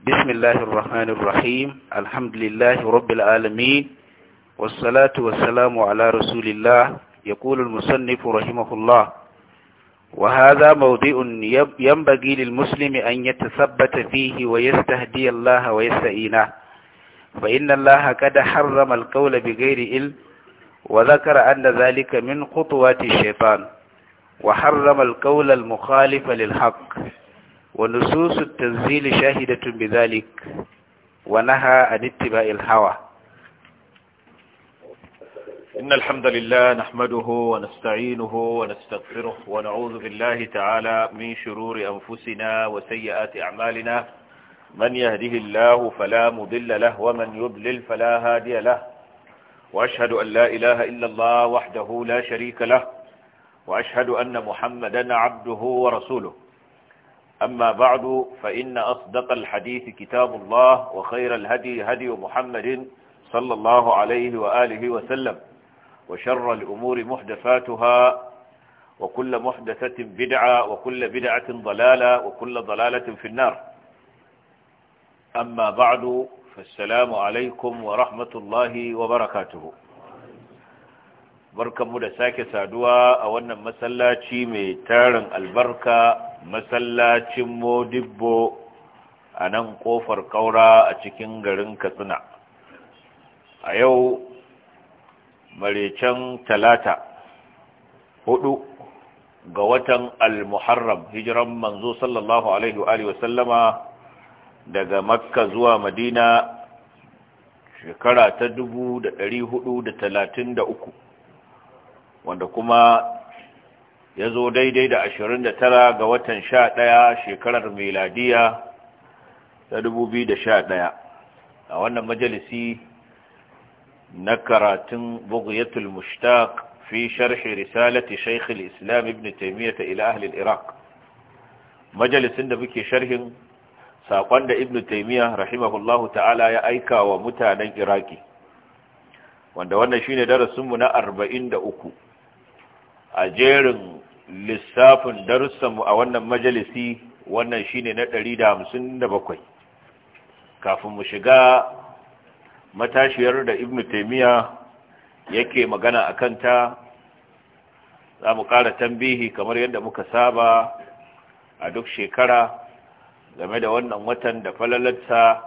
بسم الله الرحمن الرحيم الحمد لله رب العالمين والصلاة والسلام على رسول الله يقول المصنف رحمه الله وهذا موضع ينبغي للمسلم أن يتثبت فيه ويستهدي الله ويستعينه فإن الله قد حرم القول بغير علم وذكر أن ذلك من خطوات الشيطان وحرم القول المخالف للحق ونصوص التنزيل شاهدة بذلك ونهى عن اتباع الهوى إن الحمد لله نحمده ونستعينه ونستغفره ونعوذ بالله تعالى من شرور أنفسنا وسيئات أعمالنا من يهده الله فلا مضل له ومن يضلل فلا هادي له وأشهد أن لا إله إلا الله وحده لا شريك له وأشهد أن محمدا عبده ورسوله أما بعد فإن أصدق الحديث كتاب الله وخير الهدي هدي محمد صلى الله عليه وآله وسلم وشر الأمور محدثاتها وكل محدثة بدعة وكل بدعة ضلالة وكل ضلالة في النار أما بعد فالسلام عليكم ورحمة الله وبركاته بركة مدساك سادوا أولا شيمي تارن البركة masallacin modibbo a nan kofar kaura a cikin garin katsina a yau marecen talata hudu ga watan al-muharram hijiran manzo sallallahu alaihi wa sallama daga makka zuwa madina shekara ta dubu da da uku, wanda kuma ya zo daidai da 29 ga watan 11 shekarar meladiya ta 2011 a wannan majalisi na karatun bugiyatul mushtaq fi sharhi risalati shaykh al-islam ibn taymiyyah ila ahli al-iraq majalisin da muke sharhin sakon da ibn taymiyyah rahimahullahu ta'ala ya aika wa mutanen iraki wanda wannan shine darasinmu na 43 a jerin lissafin darussanmu a wannan majalisi wannan shine na 157 kafin mu shiga matashiyar da ibn taymiya yake magana a kanta za mu ƙara tambihi kamar yadda muka saba a duk shekara game da wannan watan da falalarsa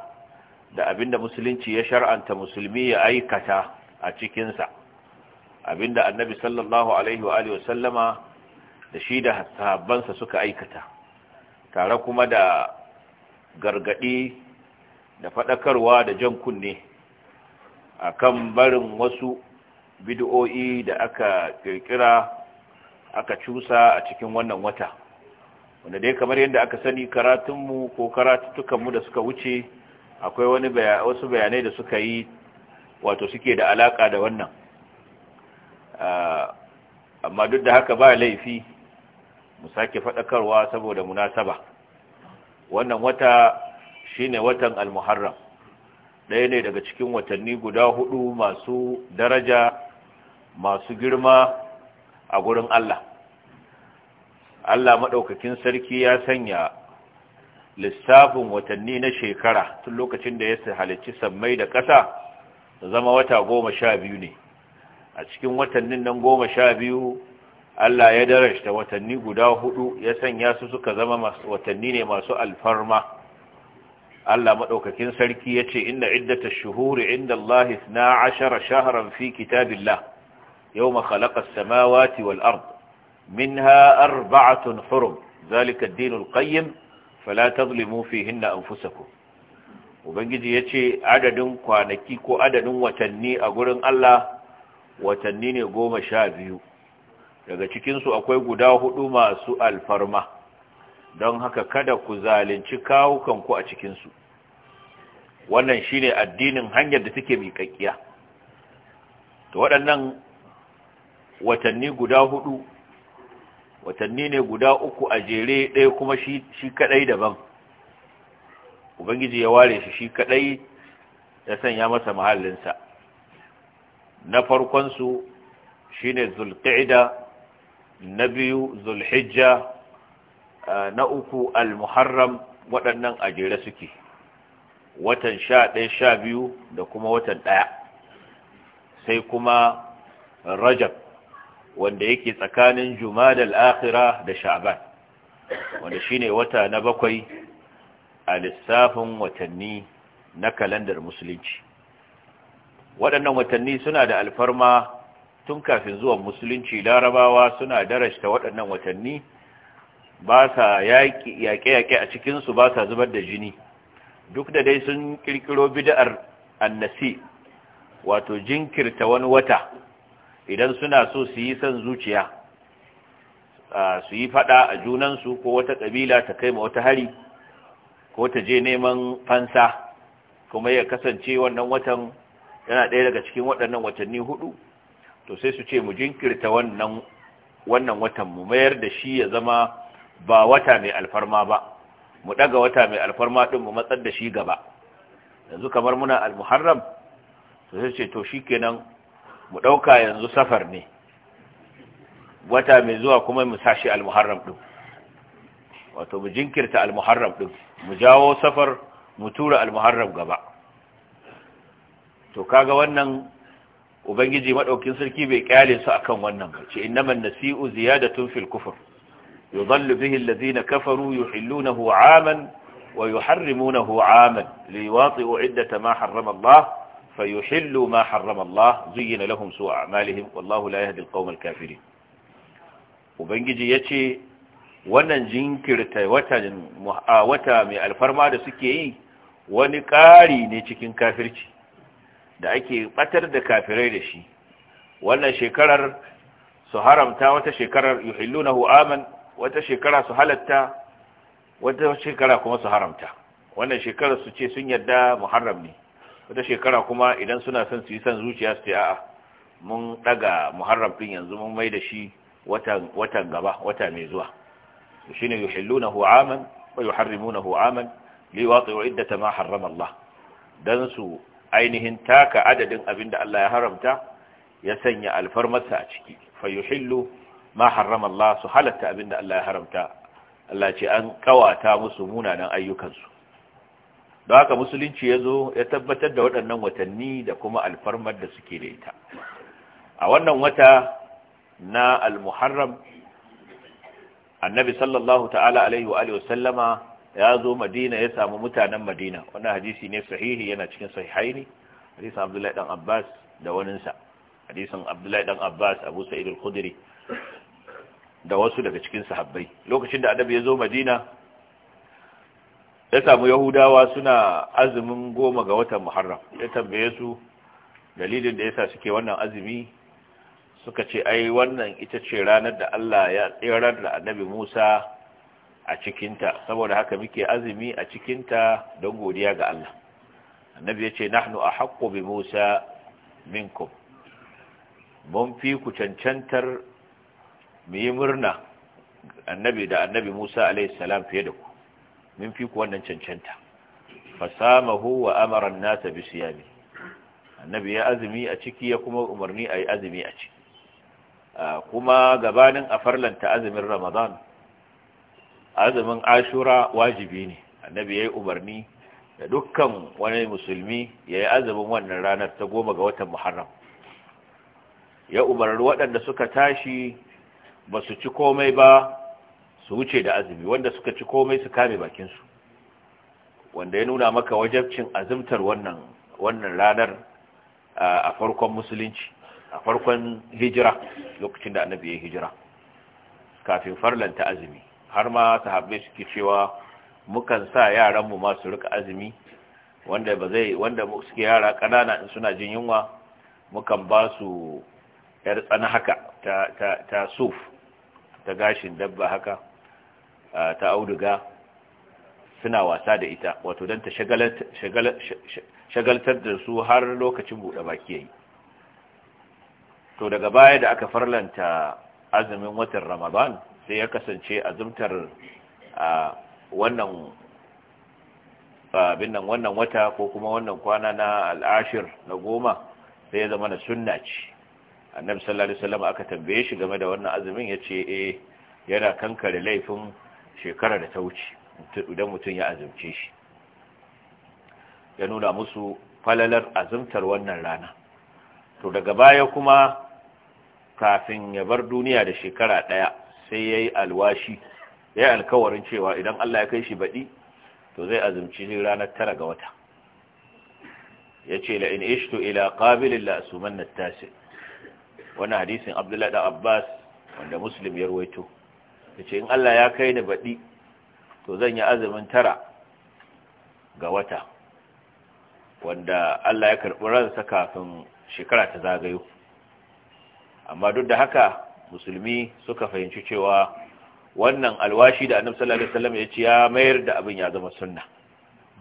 da abinda musulunci ya shar'anta musulmi ya aikata a cikinsa abinda annabi sallallahu alaihi wa sallama da shi da sahabbansa suka aikata tare kuma da gargadi da faɗakarwa da jan kunne a kan barin wasu bid'o'i da aka kirkira aka cusa a cikin wannan wata wanda dai kamar yadda aka sani karatunmu ko karatutukanmu da suka wuce akwai wani wasu bayanai da suka yi wato suke da alaka da wannan ah, amma duk da haka ba laifi mu sake faɗakarwa saboda munasaba wannan wata shine watan al-muharram ɗaya ne daga cikin watanni guda hudu masu daraja masu girma a gurin Allah Allah maɗaukakin sarki ya sanya lissafin watanni na shekara tun lokacin da ya halicci sammai da ƙasa zama wata goma sha biyu ne a cikin watannin nan goma sha biyu Allah ya darashta watanni guda hudu ya sanya su suka zama watanni ne masu alfarma Allah maɗaukakin sarki yace inna iddatash shuhuri inda Allah 12 shahran fi kitabillah yau khalaqa as-samawati wal ard minha arba'atun hurum zalika ad-din al-qayyim fala tadhlimu fihinna anfusakum ubangiji yace adadin kwanaki ko adadin watanni a gurin Allah watanni ne goma sha biyu daga cikinsu akwai guda hudu masu alfarma don haka kada ku zalunci kawukanku a cikinsu wannan shine addinin hanyar da take miƙaƙƙiya to waɗannan watanni guda hudu watanni ne guda uku a jere ɗaya kuma shi kaɗai daban ubangiji ya ware shi shi kaɗai ya sanya masa mahallinsa na farkonsu shi ne zulƙa'ida na biyu zulhijja na uku almuharram waɗannan a suke watan sha ɗaya sha biyu da kuma watan ɗaya sai kuma rajab wanda yake tsakanin jumadal akhira da sha'ban wanda shine wata na bakwai a lissafin watanni na kalandar musulunci waɗannan watanni suna da alfarma tun kafin zuwan musulunci larabawa suna darashta waɗannan watanni ba sa yaƙe-yaƙe a cikinsu ba sa zubar da jini duk da dai sun ƙirƙiro bida'ar annasi wato jinkirta wani wata idan suna so su yi son zuciya su yi faɗa a junansu ko wata ƙabila ta kai ma wata hari ko ta je neman fansa kuma ya kasance wannan watan yana ɗaya daga cikin waɗannan watanni hudu to sai su ce mu jinkirta wannan wannan watan mu mayar da shi ya zama ba wata mai alfarma ba mu daga wata mai alfarma din mu matsar da shi gaba yanzu kamar muna al-muharram to sai ce to shikenan mu dauka yanzu safar ne wata mai zuwa kuma mu sashi al-muharram din wato mu jinkirta al-muharram din mu jawo safar mu tura al-muharram gaba to kaga wannan ubangiji madaukin sarki bai kyale su akan wannan ba ce innaman nasi'u ziyadatun fil kufr yudhallu bihi alladhina kafaru yuhillunahu 'aman wa yuharrimunahu 'aman liwati'u 'iddata ma harrama Allah fayuhillu ma harrama Allah zuyyina lahum su'u a'malihim wallahu la yahdi al-qawma al-kafirin ubangiji yace wannan jinkirta wata wata mai alfarma da suke yi wani ƙari ne cikin kafirci da ake batar da kafirai da shi wannan shekarar su haramta wata shekarar yuhillunahu aman wata shekara su halatta wata shekara kuma su haramta wannan shekarar su ce sun yarda muharram ne wata shekara kuma idan suna son su yi son zuciya su a'a mun daga muharram din yanzu mun mai da shi watan gaba wata mai zuwa shine yuhillunahu aman wa yuharrimunahu aman liwati'u iddata ma harrama Allah dan su ainihin taka adadin abin da Allah ya haramta ya sanya alfarmarsa a ciki fa ma harrama Allah su halatta abin da Allah ya haramta Allah ce an kawata musu munanan ayyukansu don haka musulunci ya zo ya tabbatar da waɗannan watanni da kuma alfarmar da suke da ita a wannan wata na al-muharram annabi sallallahu ta'ala alaihi wa wasallama ya zo madina ya samu mutanen madina wannan hadisi ne sahihi yana cikin sahihaini hadisin abdullahi dan abbas da waninsa hadisin abdullahi dan abbas abu sa'id al-khudri da wasu daga cikin sahabbai lokacin da adabi ya zo madina ya samu yahudawa suna azumin goma ga watan muharram ya tambaye su dalilin da yasa suke wannan azumi suka ce ai wannan ita ce ranar da Allah ya tsirar da annabi Musa a cikinta saboda haka muke azumi a cikinta don godiya ga Allah annabi ya ce nahnu haƙƙo bi Musa minkum mun fi ku cancantar mu yi murna annabi da annabi Musa alaihi fiye da ku mun fi ku wannan cancanta fasamahu wa amara nasa bi siyami annabi ya azumi a ciki ya kuma umarni a yi azumi a ciki ah, kuma gabanin a farlanta azumin Ramadan azumin ashura wajibi ne annabi yayi umarni da dukkan wani musulmi yayi azumin wannan ranar ta goma ga watan muharram ya umarni waɗanda suka tashi ba su ci komai ba su wuce da azumi wanda suka ci komai su kame bakinsu wanda ya nuna maka wajabcin azumtar wannan wannan ranar a farkon musulunci a farkon hijira lokacin da annabi ya hijira kafin farlanta azumi har ma sahabbai suke cewa mukan sa yaranmu ma su rika azumi wanda ba zai wanda suke yara ƙanana in suna jin yunwa mukan ba su yar tsana haka ta ta ta suf ta gashin dabba haka ta auduga suna wasa da ita wato don ta shagaltar da su har lokacin buɗe baki yayi to daga baya da aka farlanta azumin watan ramadan sai ya kasance azumtar wannan abin nan wannan wata ko kuma wannan kwana na al'ashir na goma sai ya zama na sunna ce annabi sallallahu alaihi wasallam aka tambaye shi game da wannan azumin yace eh yana kankare laifin shekara da ta wuce idan mutum ya azumce shi ya nuna musu falalar azumtar wannan rana to daga baya kuma kafin ya bar duniya da shekara ɗaya sai ya yi alwashi ya yi alkawarin cewa idan Allah ya kai shi baɗi to zai azumci ranar tara ga wata ya ce la'in ishto ila ƙabilin la'asuman na tasir wani hadisin abdullahi da abbas wanda muslim ya ruwaito ya ce in Allah ya kai ni baɗi to zan yi azumin tara ga wata wanda Allah ya karɓi ransa kafin shekara ta zagayo amma duk da haka musulmi suka fahimci cewa wannan alwashi da annabi sallallahu alaihi wasallam ya ce ya mayar da abin ya zama sunna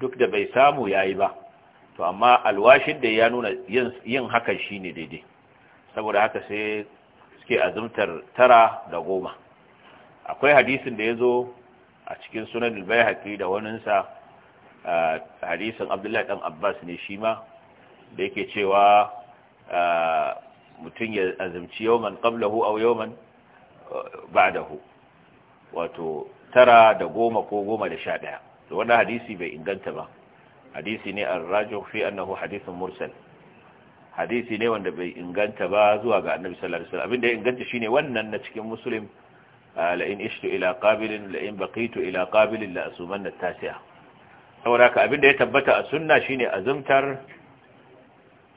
duk da bai samu yayi ba to amma alwashin da ya nuna yin hakan shine daidai saboda haka sai suke azumtar tara da goma akwai hadisin da ya zo a cikin sunan al-bayhaqi da waninsa hadisin abdullah dan abbas ne shi ma da yake cewa mutum ya azumci yawman qablahu ba da hu. wato tara da goma ko goma da sha ɗaya to wannan hadisi bai inganta ba hadisi ne ar rajo fi annahu hadisin mursal hadisi ne wanda bai inganta ba zuwa ga annabi sallallahu alaihi wasallam da ya inganta shine wannan na cikin muslim uh, la in ishtu ila qabilin la in baqitu ila qabilin la asumanna tasi'a saboda abin da ya tabbata a sunna shine azumtar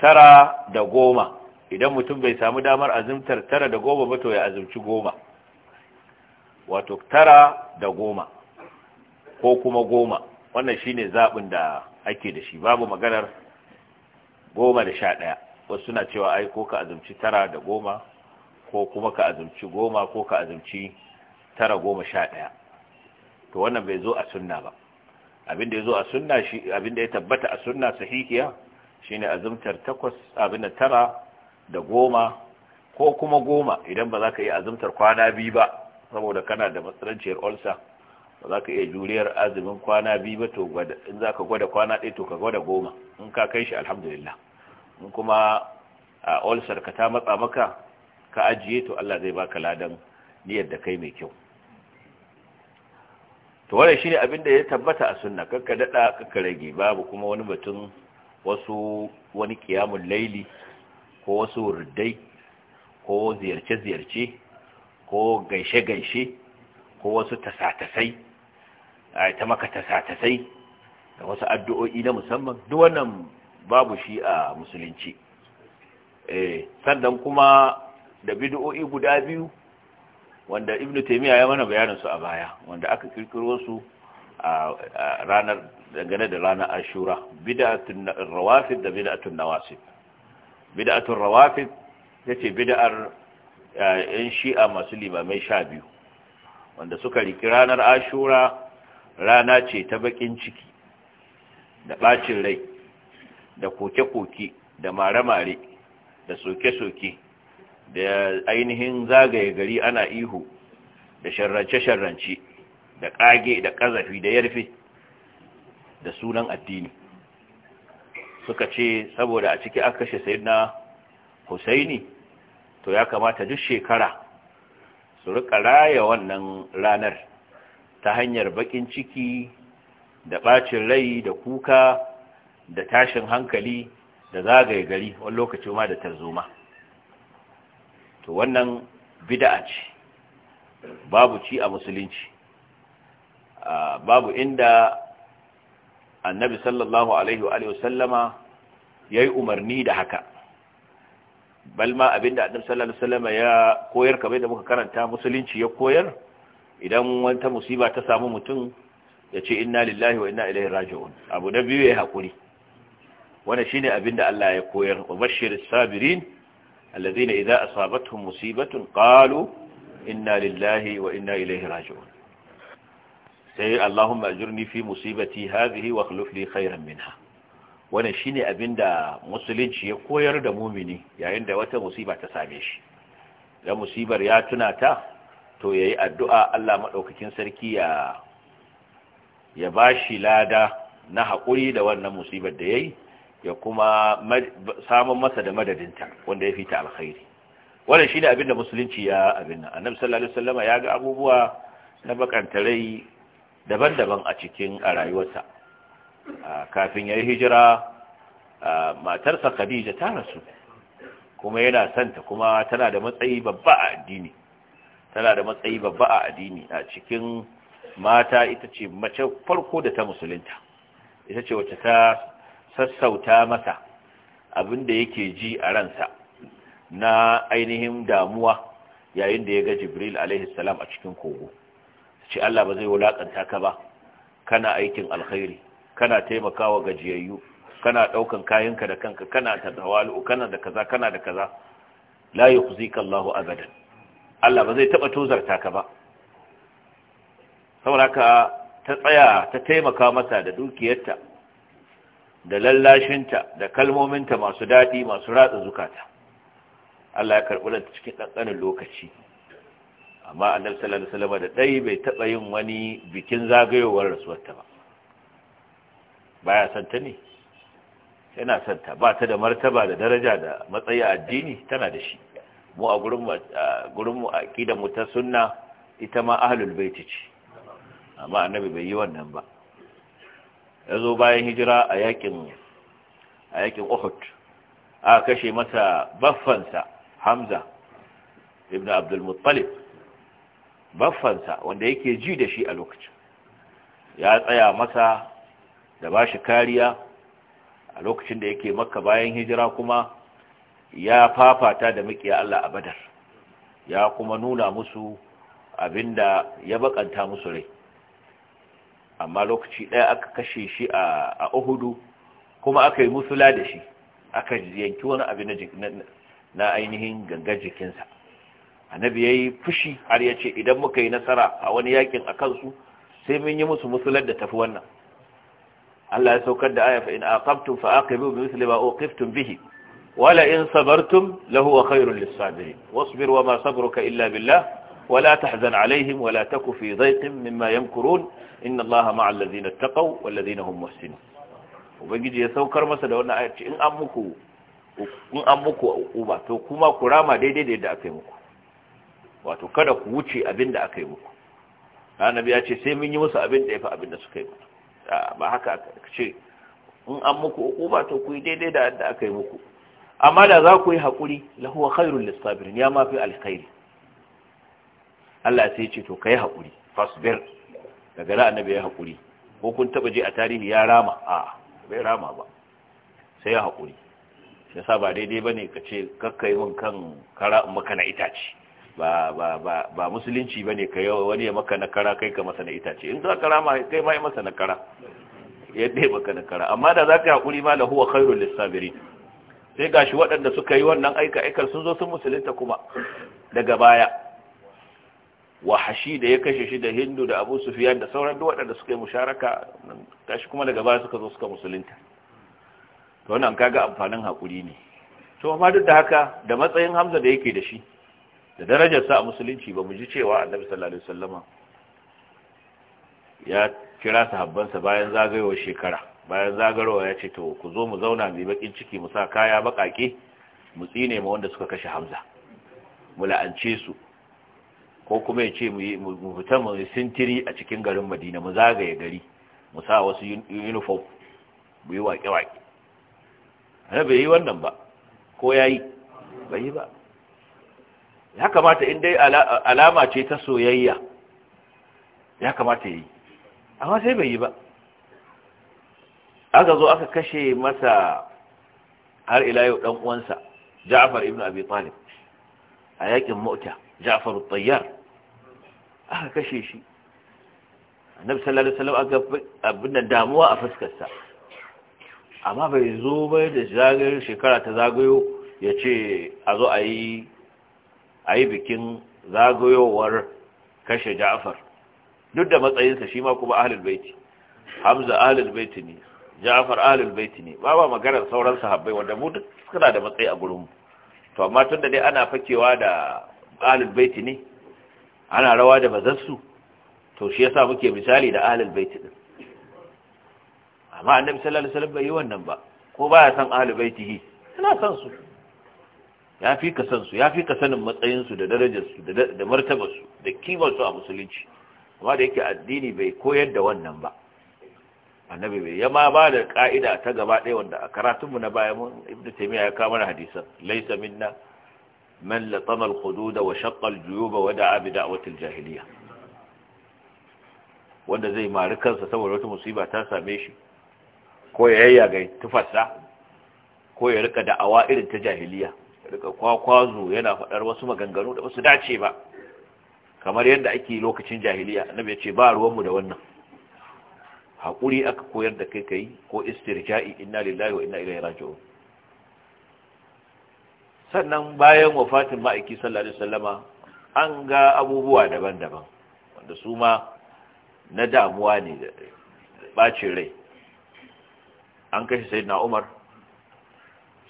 tara da goma idan mutum bai samu damar azumtar tara da goma ba to ya azumci goma wato tara da goma ko kuma goma wannan shine zaɓin da ake da shi babu maganar goma da sha ɗaya wasu suna cewa ai ko ka azumci tara da goma ko kuma ka azumci goma ko ka azumci tara goma sha ɗaya to wannan bai zo a sunna ba abin da ya zo a sunna shi abin da ya tabbata a sunna sahihiya shine azumtar takwas abin da tara da goma ko kuma goma idan ba za ka iya azumtar kwana biyu ba saboda kana da matsalanciyar olsa ba za ka iya juriyar azumin kwana biyu ba to in za ka gwada kwana ɗaya to ka gwada goma in ka kai shi alhamdulillah in kuma a olsar ka ta matsa maka ka ajiye to Allah zai baka ladan niyyar da kai mai kyau to wannan shine abin da ya tabbata a sunna kakka daɗa kakka rage babu kuma wani batun wasu wani kiyamun laili ko wasu wurdai ko ziyarce-ziyarce ko gaishe-gaishe ko wasu tasatasai a ta maka tasatasai da wasu addu'o'i na musamman duk wannan babu shi a musulunci eh, sannan kuma da bid'o'i guda biyu wanda Ibn taimiyya ya mana bayanin su a baya wanda aka kirkiro su a ranar dangane da ranar ashura bid'atun rawafin da bid'atun nawasib bid'atul rawafid yace bida'ar eh, yan shi'a masu limamai sha biyu wanda suka riki ranar ashura rana ce ta bakin ciki da bacin rai da koke-koke da mare-mare da soke-soke da ainihin zagaye gari ana ihu da sharrance-sharrance da kage da kazafi da yarfe da sunan addini suka ce saboda a ciki aka kashe na husaini to ya kamata duk shekara su rika raya wannan ranar ta hanyar bakin ciki da bacin rai da kuka da tashin hankali da zagaye gari wani lokaci ma da tarzoma to wannan bid'a ce babu ci a musulunci ah, babu inda annabi sallallahu alaihi wa sallama yayi umarni da haka balma abinda annabi sallallahu alaihi ya koyar kamar da muka karanta musulunci ya koyar idan wata musiba ta samu mutum ya ce inna lillahi wa inna ilaihi raji'un abu na biyu ya hakuri wannan shine abinda Allah ya koyar wa bashiris sabirin alladhina idza asabatuhum musibatun qalu inna lillahi wa inna ilaihi raji'un sai Allahun ajurni fi musibati hadhihi wa akhlif khairan minha wannan shine abinda musulunci ya koyar da mumini yayin da wata musiba ta same shi da musibar ya tuna ta to yayi addu'a Allah madaukakin sarki ya ya bashi lada na haƙuri da wannan musibar da yayi ya kuma samun masa da madadinta wanda ya fita alkhairi wannan shine abinda musulunci ya abinna annabi sallallahu alaihi wasallama ya ga abubuwa na bakanta rai daban-daban a cikin a rayuwarsa kafin ya yi hijira matarsa khadija ta rasu kuma yana santa kuma tana da matsayi babba a addini tana da matsayi babba a addini a cikin mata ita ce mace farko da ta musulunta ita ce wacce ta sassauta masa abin da yake ji a ransa na ainihin damuwa yayin da ya ga jibril alaihi a cikin kogo Shi Allah ba zai wulakanta ka ba kana aikin alkhairi kana taimakawa gajiyayyu kana daukan kayanka da kanka kana tadawalu kana da kaza kana da kaza la yukhzika Allahu abadan Allah ba zai taba tozarta ka ba saboda ka ta tsaya ta taimaka masa da dukiyarta da lallashinta da kalmominta masu daɗi masu ratsa zukata Allah ya karɓi ta cikin ɗanɗanin lokaci amma annabi sallallahu alaihi wasallam da dai bai taba yin wani bikin zagayowar rasuwar ta ba baya san ta ne yana san ta ba ta da martaba da daraja da matsayi a addini tana da shi mu a gurin gurin mu aqidar mu ta sunna ita ma ahlul bait ce amma annabi bai yi wannan ba yazo bayan hijira a yakin a yakin Uhud aka kashe masa baffansa Hamza ibn Abdul Muttalib baffansa wanda yake ji da shi a lokacin ya tsaya masa da ba shi kariya a lokacin da yake maka bayan hijira kuma ya fafata da makiya Allah a badar ya kuma nuna musu abinda ya bakanta musu rai amma lokaci ɗaya aka kashe shi a uhudu kuma aka yi musula da shi aka yanki wani abin na ainihin gangar jikinsa annabi ya yi fushi har ya ce idan muka yi nasara a wani yakin a kansu sai mun yi musu musular da tafi wannan Allah ya saukar da aya in aqabtum fa aqibu bi misli ma uqiftum bihi wala in sabartum lahu khairul lis-sabirin wasbir wama sabruka illa billah wala tahzan alaihim wala taku fi dhayqin mimma yamkurun inna Allaha ma'al ladhina ittaqaw wal ladhina hum muhsinun ubangiji ya saukar masa da wannan ayat in an muku in an muku uba to kuma kurama daidai da yadda aka muku wato kada ku wuce abin da aka yi muku annabi ya ce sai mun yi musu abin da ya fi abin da suka yi muku ba haka aka ce in an muku ukuba to ku yi daidai da yadda aka yi muku amma da za ku yi haƙuri lahuwa khairul lisabirin ya mafi alkhairi Allah sai ce to ka yi haƙuri fasbir daga da annabi ya haƙuri ko kun taɓa je a tarihi ya rama a bai rama ba sai ya haƙuri yasa ba daidai bane ka ce kakka yi min kan kara in maka na itace ba ba ba ba musulunci bane ka yawa wani ya maka na kara kai ka masa na itace in za ka rama kai ma ya masa na kara yadda ya maka na kara amma da za ka hakuri ma la huwa khairul lisabirin sai gashi waɗanda suka yi wannan aika aikar sun zo sun musulunta kuma daga baya hashi da ya kashe shi da hindu da abu sufiyan da sauran duk waɗanda suka yi musharaka gashi kuma daga baya suka zo suka musulunta to wannan kaga amfanin hakuri ne to amma duk da haka da matsayin hamza da yake da shi da darajar sa a musulunci ba mu ji cewa annabi sallallahu alaihi wasallama ya kira sahabbansa bayan zagayowar shekara bayan zagarowa ya ce to ku zo mu zauna mai bakin ciki mu sa kaya bakake mu tsine ma wanda suka kashe Hamza mu la'ance su ko kuma ya ce mu fita mu sintiri a cikin garin Madina mu zagaye gari mu sa wasu uniform mu yi waƙe-waƙe annabi yi wannan ba ko yayi bai yi ba ya kamata in dai alama ce ta soyayya ya kamata yi amma sai bai yi ba aka zo aka kashe masa har ila yau dan uwansa Ja'far ibn Abi Talib a yakin mota Ja'far al tayyar aka kashe shi Annabi sallallahu alaihi wasallam aka da damuwa a fuskarsa. sa amma bai zo ba da zagayar shekara ta zagayo yace a zo a yi a yi bikin zagayowar kashe ja'far duk da matsayinsa shi ma kuma ahlul baiti hamza ahlul baiti ne ja'far ahlul baiti ne ba ba maganar sauran sahabbai wanda mu duk suna da matsayi a gurin mu to amma tunda dai ana fakewa da ahlul baiti ne ana rawa da bazarsu to shi yasa muke misali da ahlul baiti din amma annabi sallallahu alaihi wasallam bai yi wannan ba ko baya san ahlul baitihi Ina san su ya fi ka san su ya fi ka sanin matsayin su da darajar su da martabar su da kimar su a musulunci amma da yake addini bai koyar da wannan ba annabi bai ma ba da ka'ida ta gaba ɗaya wanda a karatun mu na baya mun ibnu taymiya ya kawo mana hadisan laysa minna man latama al-hudud wa shaqqa al juyub wa da'a bi da'wati al-jahiliya wanda zai mari kansa saboda wata musiba ta same shi ko ya yayyaga tufarsa ko ya rika da'awa irin ta jahiliya daga kwakwazo yana faɗar wasu maganganu da wasu dace ba kamar yadda ake lokacin jahiliya na ya ce ba ruwanmu da wannan haƙuri aka koyar da kai kai ko istirja'i inna lillahi wa inna ilaihi raji'un sannan bayan wafatin ma'aiki sallallahu alaihi wasallama an ga abubuwa daban-daban wanda su ma na damuwa ne da bacin rai an kashe sayyidina Umar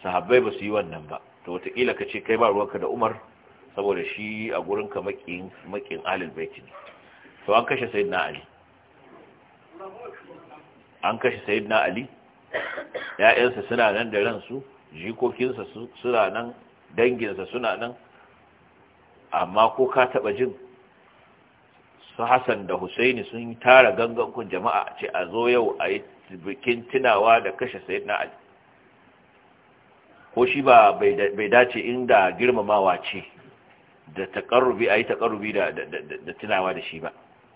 sahabbai ba su yi wannan ba to wataƙila ka ce kai ba ruwanka da umar saboda shi a gurinka makin alil baiti ne to an kashe sayid na ali an kashe sayid na ali ya'yansa suna nan da ransu jikokinsa suna nan danginsa suna nan amma ko ka taɓa jin su hassan da husaini sun tara gangan kun jama'a ce a zo yau a yi bikin tunawa da kashe sayid na ali ko shi ba bai dace inda girmamawa ce da takarrubi ayi takarrubi da da tunawa da shi ba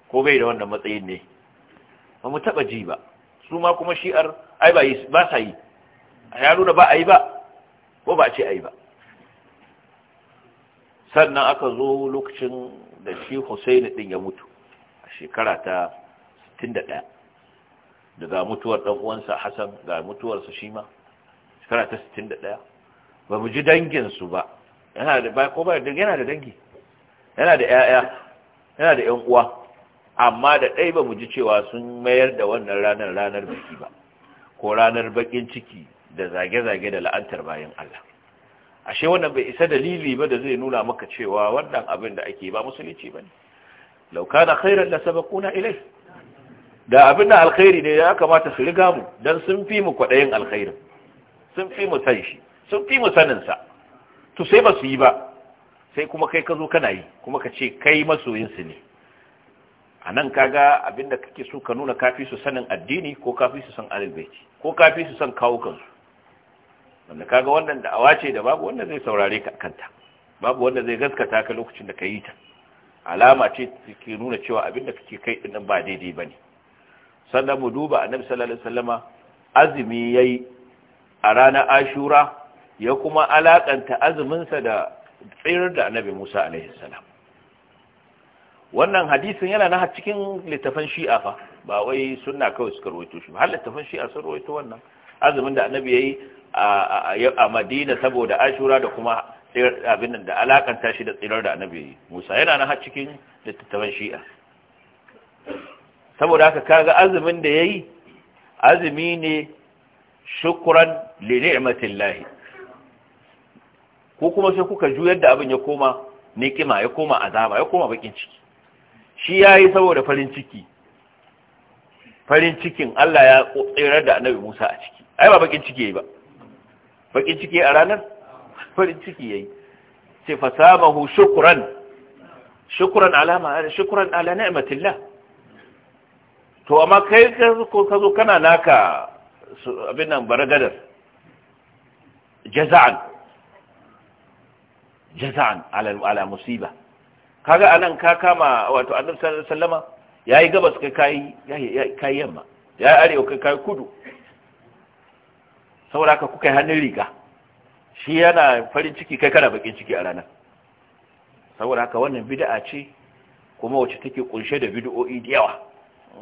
ko bai da wannan matsayin ne ba mu taba ji ba su ma kuma shi'ar ai ba ba sa yi ya nuna ba ai ba ko ba ce ai ba sannan aka zo lokacin da shi Hussein din ya mutu a shekara ta 61 ga mutuwar ɗan'uwansa uwansa Hassan ga mutuwarsa shi ma shekara ta 61 ba mu ji danginsu ba yana da ba ko ba da yana da dangi yana da ƴaƴa yana da ƴan uwa amma da ɗai ba mu ji cewa sun mayar da wannan ranar ranar biki ba ko ranar bakin ciki da zage-zage da la'antar bayan Allah ashe wannan bai isa dalili ba da zai nuna maka cewa wannan abin da ake ba musulunci ba ne lauka na khairar da sabakuna ilai da abin da alkhairi ne ya kamata su riga mu don sun fi mu kwaɗayin alkhairin sun fi mu san shi sun fi mu saninsa to sai ba su yi ba sai kuma kai ka zo kana yi kuma ka ce kai masoyinsu ne a nan kaga abinda kake so ka nuna kafi su sanin addini ko kafi su san alibaiti ko kafi su san kawo kansu wanda kaga wannan da awa ce da babu wanda zai saurare ka kanta babu wanda zai gaskata ka lokacin da ka yi ta alama ce ke nuna cewa abinda kake kai din ba daidai bane sannan mu duba annabi sallallahu alaihi wasallama azumi yayi a ranar ashura ya kuma alaƙanta azuminsa da tsirar da annabi musa alaihi salam wannan hadisin yana na cikin littafan shi'a fa ba wai sunna kawai suka rawaito shi har littafan shi'a sun rawaito wannan azumin da annabi yayi a Madina saboda Ashura da kuma abin da alakanta shi da tsirar da annabi Musa yana na cikin littafan shi'a saboda haka kaga azumin da yayi azumi ne shukran li ni'matillahi ko kuma sai kuka juyar da abin ya koma niƙima ya koma azaba ya koma bakin ciki shi ya yi saboda farin ciki farin cikin Allah ya tsirar da annabi Musa a ciki ai ba bakin ciki yayi ba bakin ciki a ranar farin ciki yayi sai fasabahu shukran shukran alama shukran ala ni'matillah to amma kai ka zo kana naka abin nan baragadar jaza'an jaza'an ala musiba kaga anan ka kama wato annabi sallallahu alaihi wasallama yayi gabas kai kai kai yamma yayi arewa kai kai kudu saboda haka kuka yi hannun riga shi yana farin ciki kai kana bakin ciki a ranar saboda haka wannan bid'a ce kuma wacce take kunshe da bid'o'i da yawa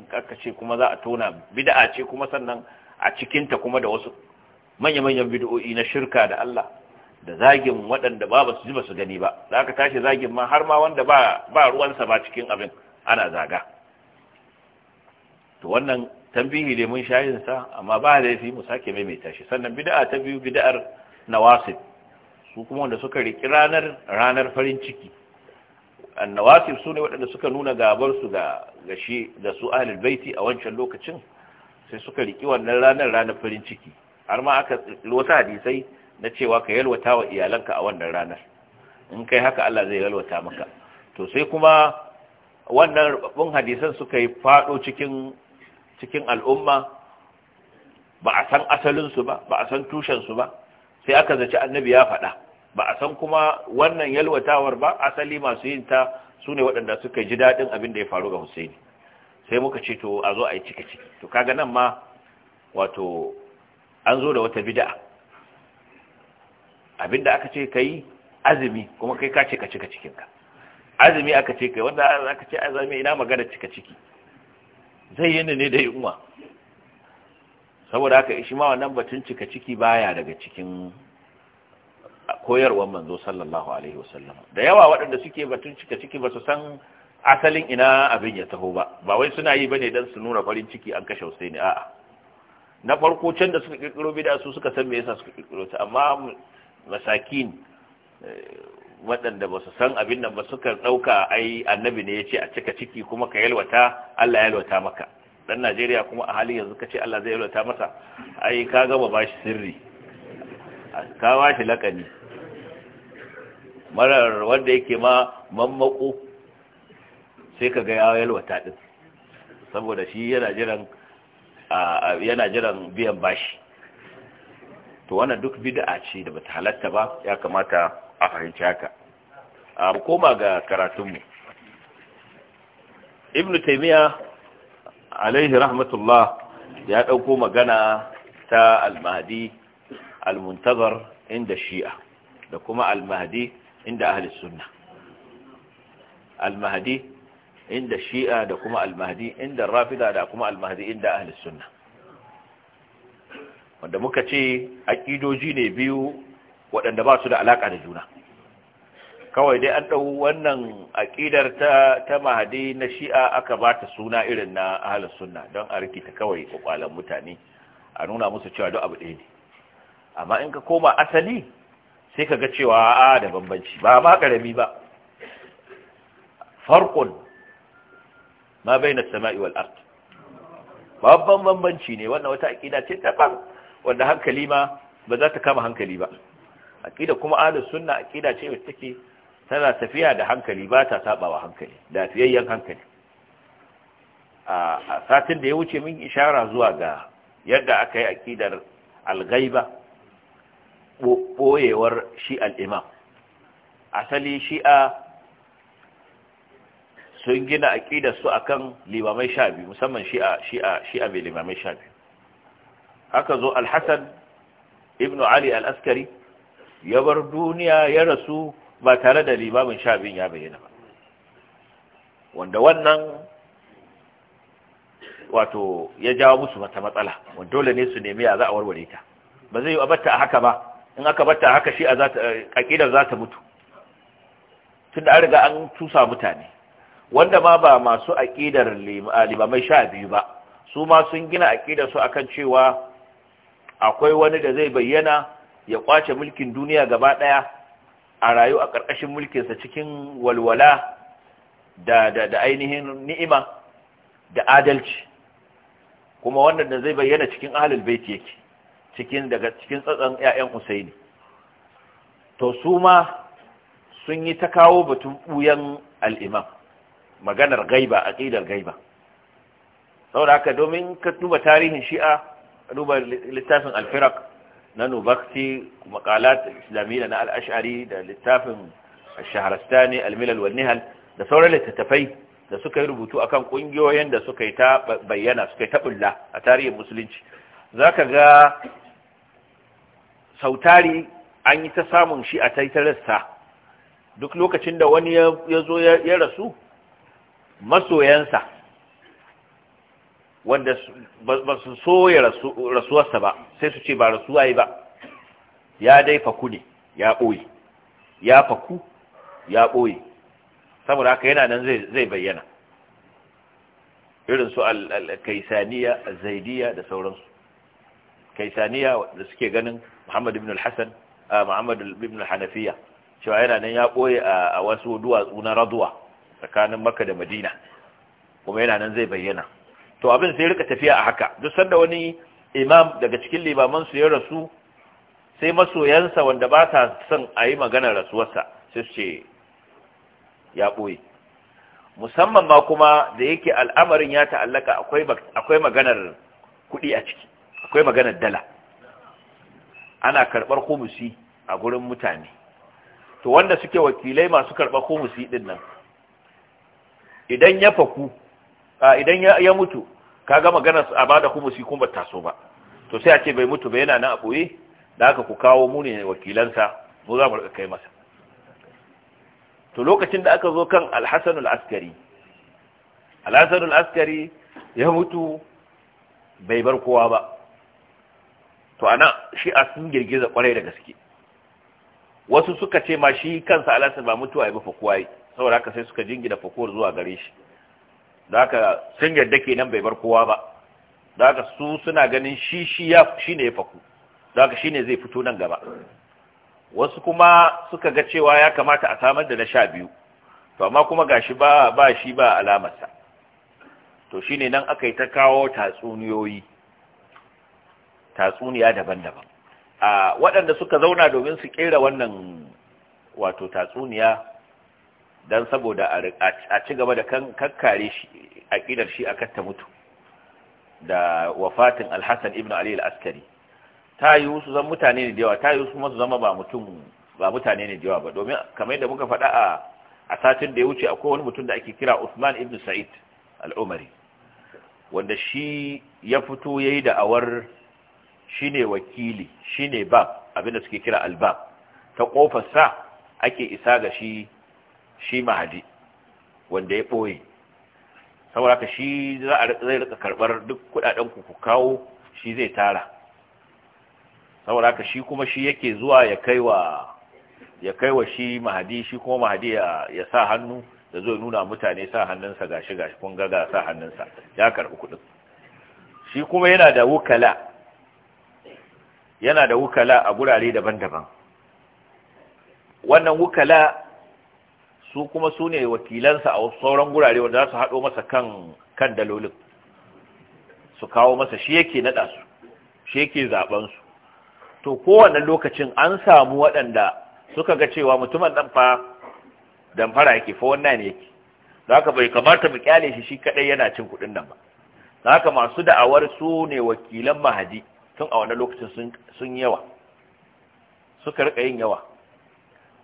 ka ce kuma za a tona bid'a ce kuma sannan a cikinta kuma da wasu manya-manyan bid'o'i na shirka da Allah da zagin waɗanda ba su ji ba su gani ba da aka tashi zagin ma har ma wanda ba ruwansa ba cikin abin ana zaga to wannan tambihi ne mun shayinsa amma ba laifi mu sake maimaita shi sannan bida'a ta biyu bida'ar nawasib su kuma wanda suka riƙi ranar ranar farin ciki annawasib su ne waɗanda suka nuna gabarsu ga gashi da su ahlul baiti a wancan lokacin sai suka riki wannan ranar ranar farin ciki har ma aka wasu hadisai na cewa ka yalwata wa iyalanka a wannan ranar in kai haka Allah zai yalwata maka to sai kuma wannan rubabun hadisan suka yi fado cikin cikin al'umma ba a san asalin su ba ba a san tushen su ba sai aka zaci annabi ya faɗa ba a san kuma wannan yalwatawar ba asali masu yin ta sune waɗanda suka ji daɗin abin da ya faru ga Husaini sai muka ce to a zo a yi ciki ciki to kaga nan ma wato an zo da wata bid'a abinda aka ce ka yi azumi kuma kai ka ce ka cika cikinka azumi aka ce kai wanda aka ce azumi ina magana cika ciki zai yi ne da yunwa saboda yi, shi ma wannan batun cika ciki baya daga cikin koyarwar manzo sallallahu alaihi wasallam da yawa waɗanda suke batun cika ciki ba su san asalin ina abin ya taho ba ba wai suna yi bane dan su nuna farin ciki an kashe Husaini a'a na farko can da suka kirkiro bid'a su suka san me yasa suka kirkiro ta amma masakin eh, waɗanda ba su san abin nan ba suka ɗauka ai annabi ne ya ce a cika ciki kuma ka yalwata Allah ya yalwata maka dan Najeriya kuma a halin yanzu ka ce Allah zai yalwata masa ai ka gama ba shi sirri ka ba shi lakani marar wanda yake ma mammako sai ka ga ya yalwata din saboda shi yana jiran yana jiran biyan bashi to wannan duk bid'a ce da bata halatta ba ya kamata a fahimci haka A koma ga karatunmu ibn taymiya alaihi rahmatullah ya dauko magana ta al-mahdi al-muntazar inda shi'a da kuma al-mahdi inda ahli sunna al-mahdi inda shi'a da kuma al-mahdi inda rafida da kuma al-mahdi inda ahli sunna wanda muka ce aƙidoji ne biyu waɗanda ba su da alaƙa da juna kawai dai an ɗau wannan aƙidar ta ta mahadi na shi'a aka ba ta suna irin na ahalar sunna don a rikita kawai ƙwaƙwalar mutane a nuna musu cewa duk abu ɗaya ne amma in ka koma asali sai ka ga cewa a da bambanci ba ma ƙarami ba farkon ma bai na sama'i wal babban bambanci ne wannan wata aƙida ce ta wanda hankali ma ba za ta kama hankali ba aqida kuma ahlus sunna aqida ce wacce take tana tafiya da hankali ba ta sabawa hankali da fiyayyen hankali a satin da ya wuce min ishara zuwa ga yadda aka yi aqidar al-ghaiba boyewar shi al asali shi'a sun gina aqidar su akan limamai sha biyu musamman shi'a shi'a shi'a bai limamai sha biyu aka zo alhassan ibn ali al-askari ya bar duniya ya rasu ba tare da limamin sha biyun ya bayyana ba wanda wannan wato ya jawo musu mata matsala wanda dole ne su nemi a za a warware ta ba zai yi abatta a haka ba in aka batta a haka shi a za ta mutu tun da an riga an tusa mutane wanda ma ba masu aƙidar limamai sha biyu ba su ma sun gina aƙidar su akan cewa akwai wani da zai bayyana ya kwace mulkin duniya gaba daya a rayu a ƙarƙashin mulkinsa cikin walwala da, da, da ainihin ni'ima da adalci kuma wannan da zai bayyana cikin ahalul baiti yake cikin daga cikin tsatsan ƴaƴan Husaini to su ma sun yi ta kawo batun buyan al maganar gaiba aqidar gaiba saboda haka domin ka duba tarihin shi'a duba littafin alfirak na nubakti makalat islamiyya na al'ashari da littafin ne almilal wannihal da sauran littattafai da suka yi rubutu akan kungiyoyin da suka yi ta bayyana suka yi taɓulla a tarihin musulunci za ka ga sautari an yi ta samun shi a taitararsa duk lokacin da wani ya zo ya rasu masoyansa wanda ba su so ya rasuwarsa ba sai su ce ba rasuwa yi ba ya dai faku ne ya ɓoye ya faku ya ɓoye saboda haka yana nan zai bayyana irin su al-kaisaniya zaidiya da sauransu kaisaniya da suke ganin muhammad ibn al-hassan muhammad ibn al-hanafiya cewa yana nan ya ɓoye a wasu duwatsu na raduwa tsakanin makka da madina kuma yana nan zai bayyana to abin sai rika tafiya a haka duk sanda wani imam daga cikin limaman su ya rasu sai masoyansa wanda ba sa son a yi maganar rasuwarsa sai su ce ya ɓoye musamman ma kuma da yake al'amarin ya ta'allaka akwai maganar kuɗi a ciki akwai maganar dala ana karɓar kumusi a gurin mutane to wanda suke wakilai masu karɓar komusi ɗin nan idan ya faku idan ya mutu ka ga magana a bada humusi kuma ba taso ba to sai a ce bai mutu ba yana nan a boye da haka ku kawo mu ne wakilansa mu za mu rika kai masa to lokacin da aka zo kan alhassan al'askari alhassan al'askari ya mutu bai bar kowa ba to ana shi a sun girgiza kwarai da gaske wasu suka ce ma shi kansa alhassan ba mutuwa ya ba kowa yi saboda haka sai suka jingina fakuwar zuwa gare shi da sun yarda kenan bai bar kowa ba da su suna ganin shi shi ya ne ya faku da shi ne zai fito nan gaba wasu kuma suka ga cewa ya kamata a samar da na sha biyu to amma kuma gashi ba ba shi ba alamarsa to shi ne nan aka yi ta kawo tatsuniyoyi tatsuniya daban-daban a waɗanda suka zauna domin su kera wannan wato tatsuniya don saboda a ci gaba da kankare aƙidar shi a katta mutu da wafatin alhassan ibn ali al-askari ta yi wasu zan mutane ne da yawa ta yi wasu masu zama ba mutum ba mutane ne da yawa ba domin kamar yadda muka faɗa a a satin da ya wuce akwai wani mutum da ake kira Usman ibn Sa'id al wanda shi ya fito yayi da'awar shine wakili shine bab abinda suke kira al ta kofar sa ake isa ga shi shi mahadi wanda ya ɓoye saboda haka shi zai rika karɓar duk kuɗaɗen ku kawo shi zai tara saboda haka shi kuma shi yake zuwa ya kai ya shi mahadi shi kuma mahadi ya sa hannu da zai nuna mutane sa hannunsa gashi gashi kun ga sa hannunsa ya karɓi kuɗin shi kuma yana da wukala yana da wukala a gurare daban-daban wannan wukala su kuma su ne wakilansa a sauran gurare wanda za su haɗo masa kan dalolin su kawo masa shi yake naɗa su shi yake zaɓen to kowane lokacin an samu waɗanda suka ga cewa mutumin ɗan damfara yake fa wannan yake za ka bai kamata mu kyale shi shi kaɗai yana cin kuɗin nan ba za ka masu da'awar su ne wakilan mahadi tun a wannan lokacin sun yawa suka rika yin yawa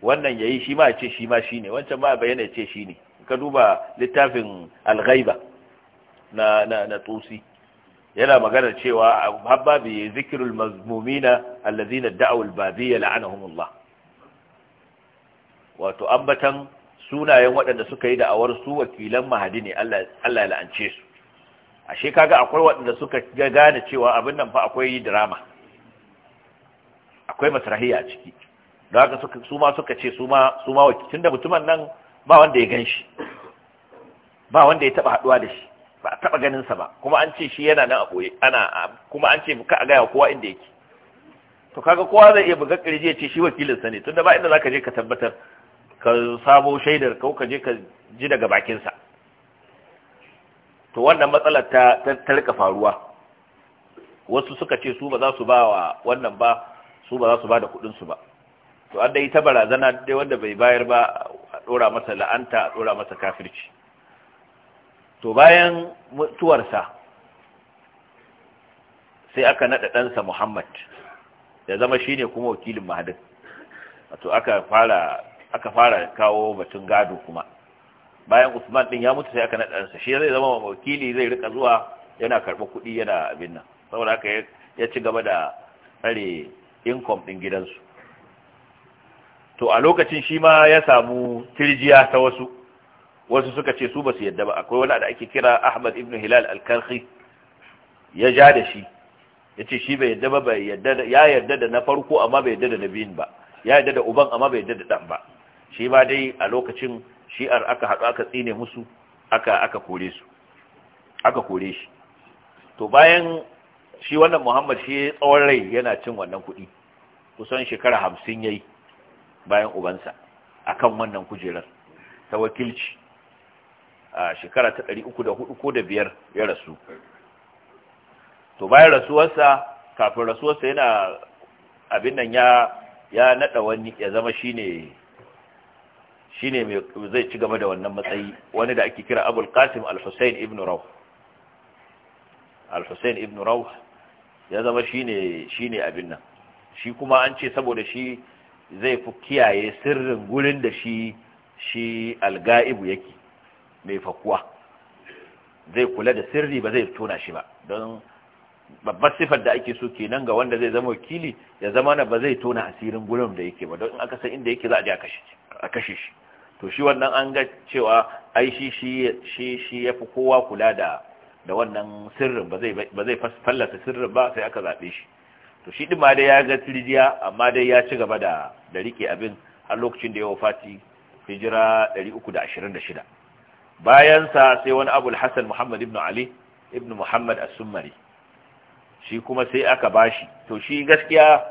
wannan yayi shi ma ce shi ma shi ne wancan ma bayyana ya ce ne ka duba littafin al-ghaiba na na na tusi yana magana cewa habba bi zikrul mazmumina allazina da'u al-babiyya la'anahumullah wato ambatan sunayen waɗanda suka yi da'awar su wakilan mahadi ne Allah ya la'ance su ashe kaga akwai waɗanda suka gane cewa abin nan fa akwai drama akwai masrahiya a ciki da haka suka su ma suka ce su ma su ma tunda mutumin nan ba wanda ya ganshi ba wanda ya taba haduwa da shi ba a taba ganin sa ba kuma an ce shi yana nan a boye ana kuma an ce ka a gaya kowa inda yake to kaga kowa zai iya buga kirji ya ce shi wakilin sa ne tunda ba inda zaka je ka tabbatar ka samo shaidar ko ka je ka ji daga bakin sa to wannan matsalar ta ta rika faruwa wasu suka ce su ba za su ba wa wannan ba su ba za su ba da kudin su ba to an dai ta barazana dai wanda bai bayar ba a dora masa la'anta a dora masa kafirci to bayan mutuwarsa sai aka naɗa ɗansa muhammad ya zama shine kuma wakilin mahadin wato aka fara aka fara kawo batun gado kuma bayan usman din ya mutu sai aka naɗa ɗansa shi zai zama wakili zai rika zuwa yana karɓar kuɗi yana abin nan saboda haka ya ci gaba da tsare income ɗin gidansu to a lokacin shi ma ya samu tirjiya ta wasu wasu suka ce su ba su yadda ba akwai wani da ake kira ahmad ibn hilal al-karhi ya ja da shi ya ce shi bai yadda ba bai yadda ya yadda da na farko amma bai yadda da na biyun ba ya yadda da uban amma bai yadda da dan ba shi ma dai a lokacin shi'ar aka haɗu aka tsine musu aka aka kore su aka kore shi to bayan shi wannan muhammad shi tsawon rai yana cin wannan kuɗi kusan shekara hamsin yayi bayan ubansa a kan wannan kujerar ta wakilci a shekara ta ɗari da hudu ko da biyar ya rasu to bayan rasuwarsa kafin rasuwarsa yana abin nan ya ya wani ya zama shine shine mai zai ci gaba da wannan matsayi wani da ake kira Abul Qasim Al-Husayn ibn Rawh Al-Husayn ibn Rawh ya zama shine shine abin nan shi kuma an ce saboda shi zai fi kiyaye sirrin gurin da shi shi alga'ibu yake mai fakuwa zai kula da sirri ba zai tona shi ba don babbar sifar da ake so kenan ga wanda zai zama wakili ya zama na ba zai tona asirin gurin da yake ba don in aka san inda yake za a je a kashe shi to shi wannan an ga cewa ai shi shi shi ya fi kowa kula da da wannan sirrin ba zai fallasa sirrin ba sai aka zaɓe shi to shi din ma dai ya ga tirjiya amma dai ya ci gaba da da rike abin har lokacin da ya wafati hijira 326 bayan sa sai wani Abu al-Hasan Muhammad ibn Ali ibn Muhammad as-Summari shi kuma sai aka bashi to shi gaskiya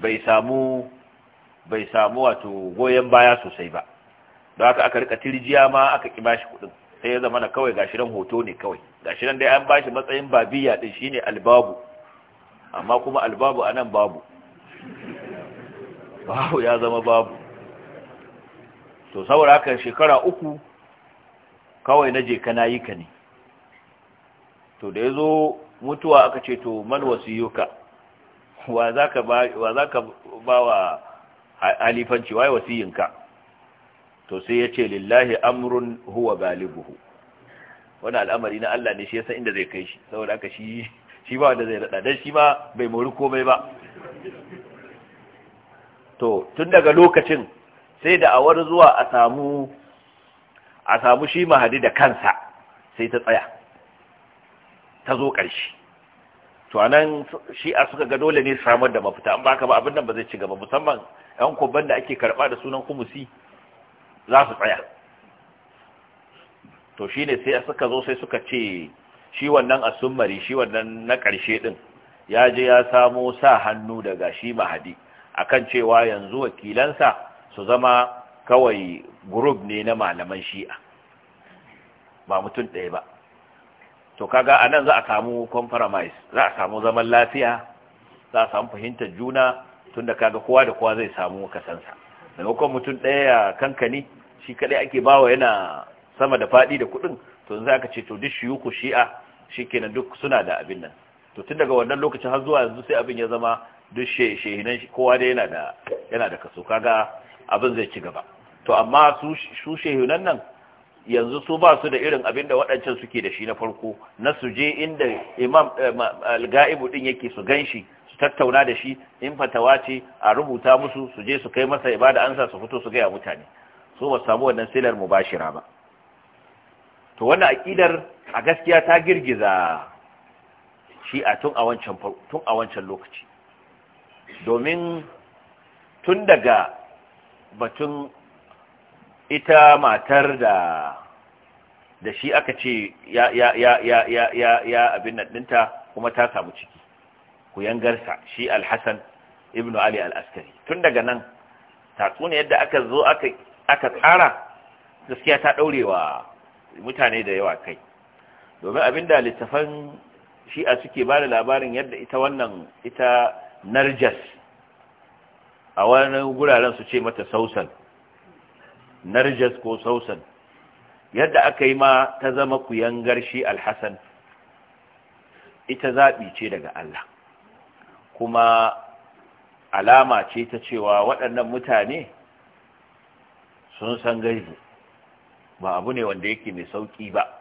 bai samu bai samu wato goyen baya sosai ba don haka aka rika tirjiya ma aka ki bashi kudin sai ya zama na kawai gashiran hoto ne kawai gashiran dai an bashi matsayin babiya din shine albabu amma kuma albabu a nan babu babu ya zama babu to saboda haka shekara uku kawai na je kana yi ka ne to da ya zo mutuwa aka ce to man yuka wa za ka ba wa halifanci wa yinka to sai ya ce lillahi amrun huwa galibuhu wani al'amari na Allah ne shi ya san inda zai kai shi saboda aka shi shi ba da zai rada don shi ma bai mori komai ba to tun daga lokacin sai da awar zuwa a samu a samu shi mahadi da kansa sai ta tsaya ta zo ƙarshe to anan shi a suka ga dole ne samar da mafita an baka ba abin nan ba zai ci gaba musamman yan kubban da ake karba da sunan kumusi za su tsaya to shine sai suka zo sai suka ce shi wannan asummari shi wannan na ƙarshe ɗin ya je ya samo sa hannu daga shi mahadi akan cewa yanzu wakilansa su zama kawai gurub ne na malaman shi'a ba mutum ɗaya ba to kaga anan za a samu compromise za a samu zaman lafiya za a samu fahimtar juna tunda kaga kowa da kowa zai samu kasansa maimakon mutum ɗaya ya kankani shi kaɗai ake bawa yana sama da faɗi da kuɗin to za ka ce to duk shiyuku shi'a kenan duk suna da abin nan to tun daga wannan lokacin har zuwa yanzu sai abin ya zama duk shehinan kowa da yana da kaso kaga abin zai ci gaba to amma su su shehinan nan yanzu su ba su da irin abin da waɗancan suke da shi na farko na su je inda imam eh, al-ga'ibu din yake su ganshi su tattauna da shi in fatawa ce a rubuta musu su je su kai masa ibada ansa su fito su gaya mutane su ba samu wannan silar mubashira ba to wannan aqidar a gaskiya ta girgiza shi'a tun a wancan lokaci domin tun daga batun ita matar da da shi aka ce ya ya ya ya ya ya abin nan dinta kuma ta samu ciki ku yangarsa shi al-Hasan ibn Ali al-Askari tun daga nan tatsuniya yadda aka zo aka aka tsara gaskiya ta daurewa mutane da yawa kai domin da littafan shi'a suke ba da labarin yadda ita wannan ita narjas a wani guraren su ce mata sausan narjas ko sausan yadda aka yi ma ta zama kuyangar shi alhassan ita zaɓi ce daga Allah kuma alama ce ta cewa waɗannan mutane sun san gaibu ba abu ne wanda yake mai sauƙi ba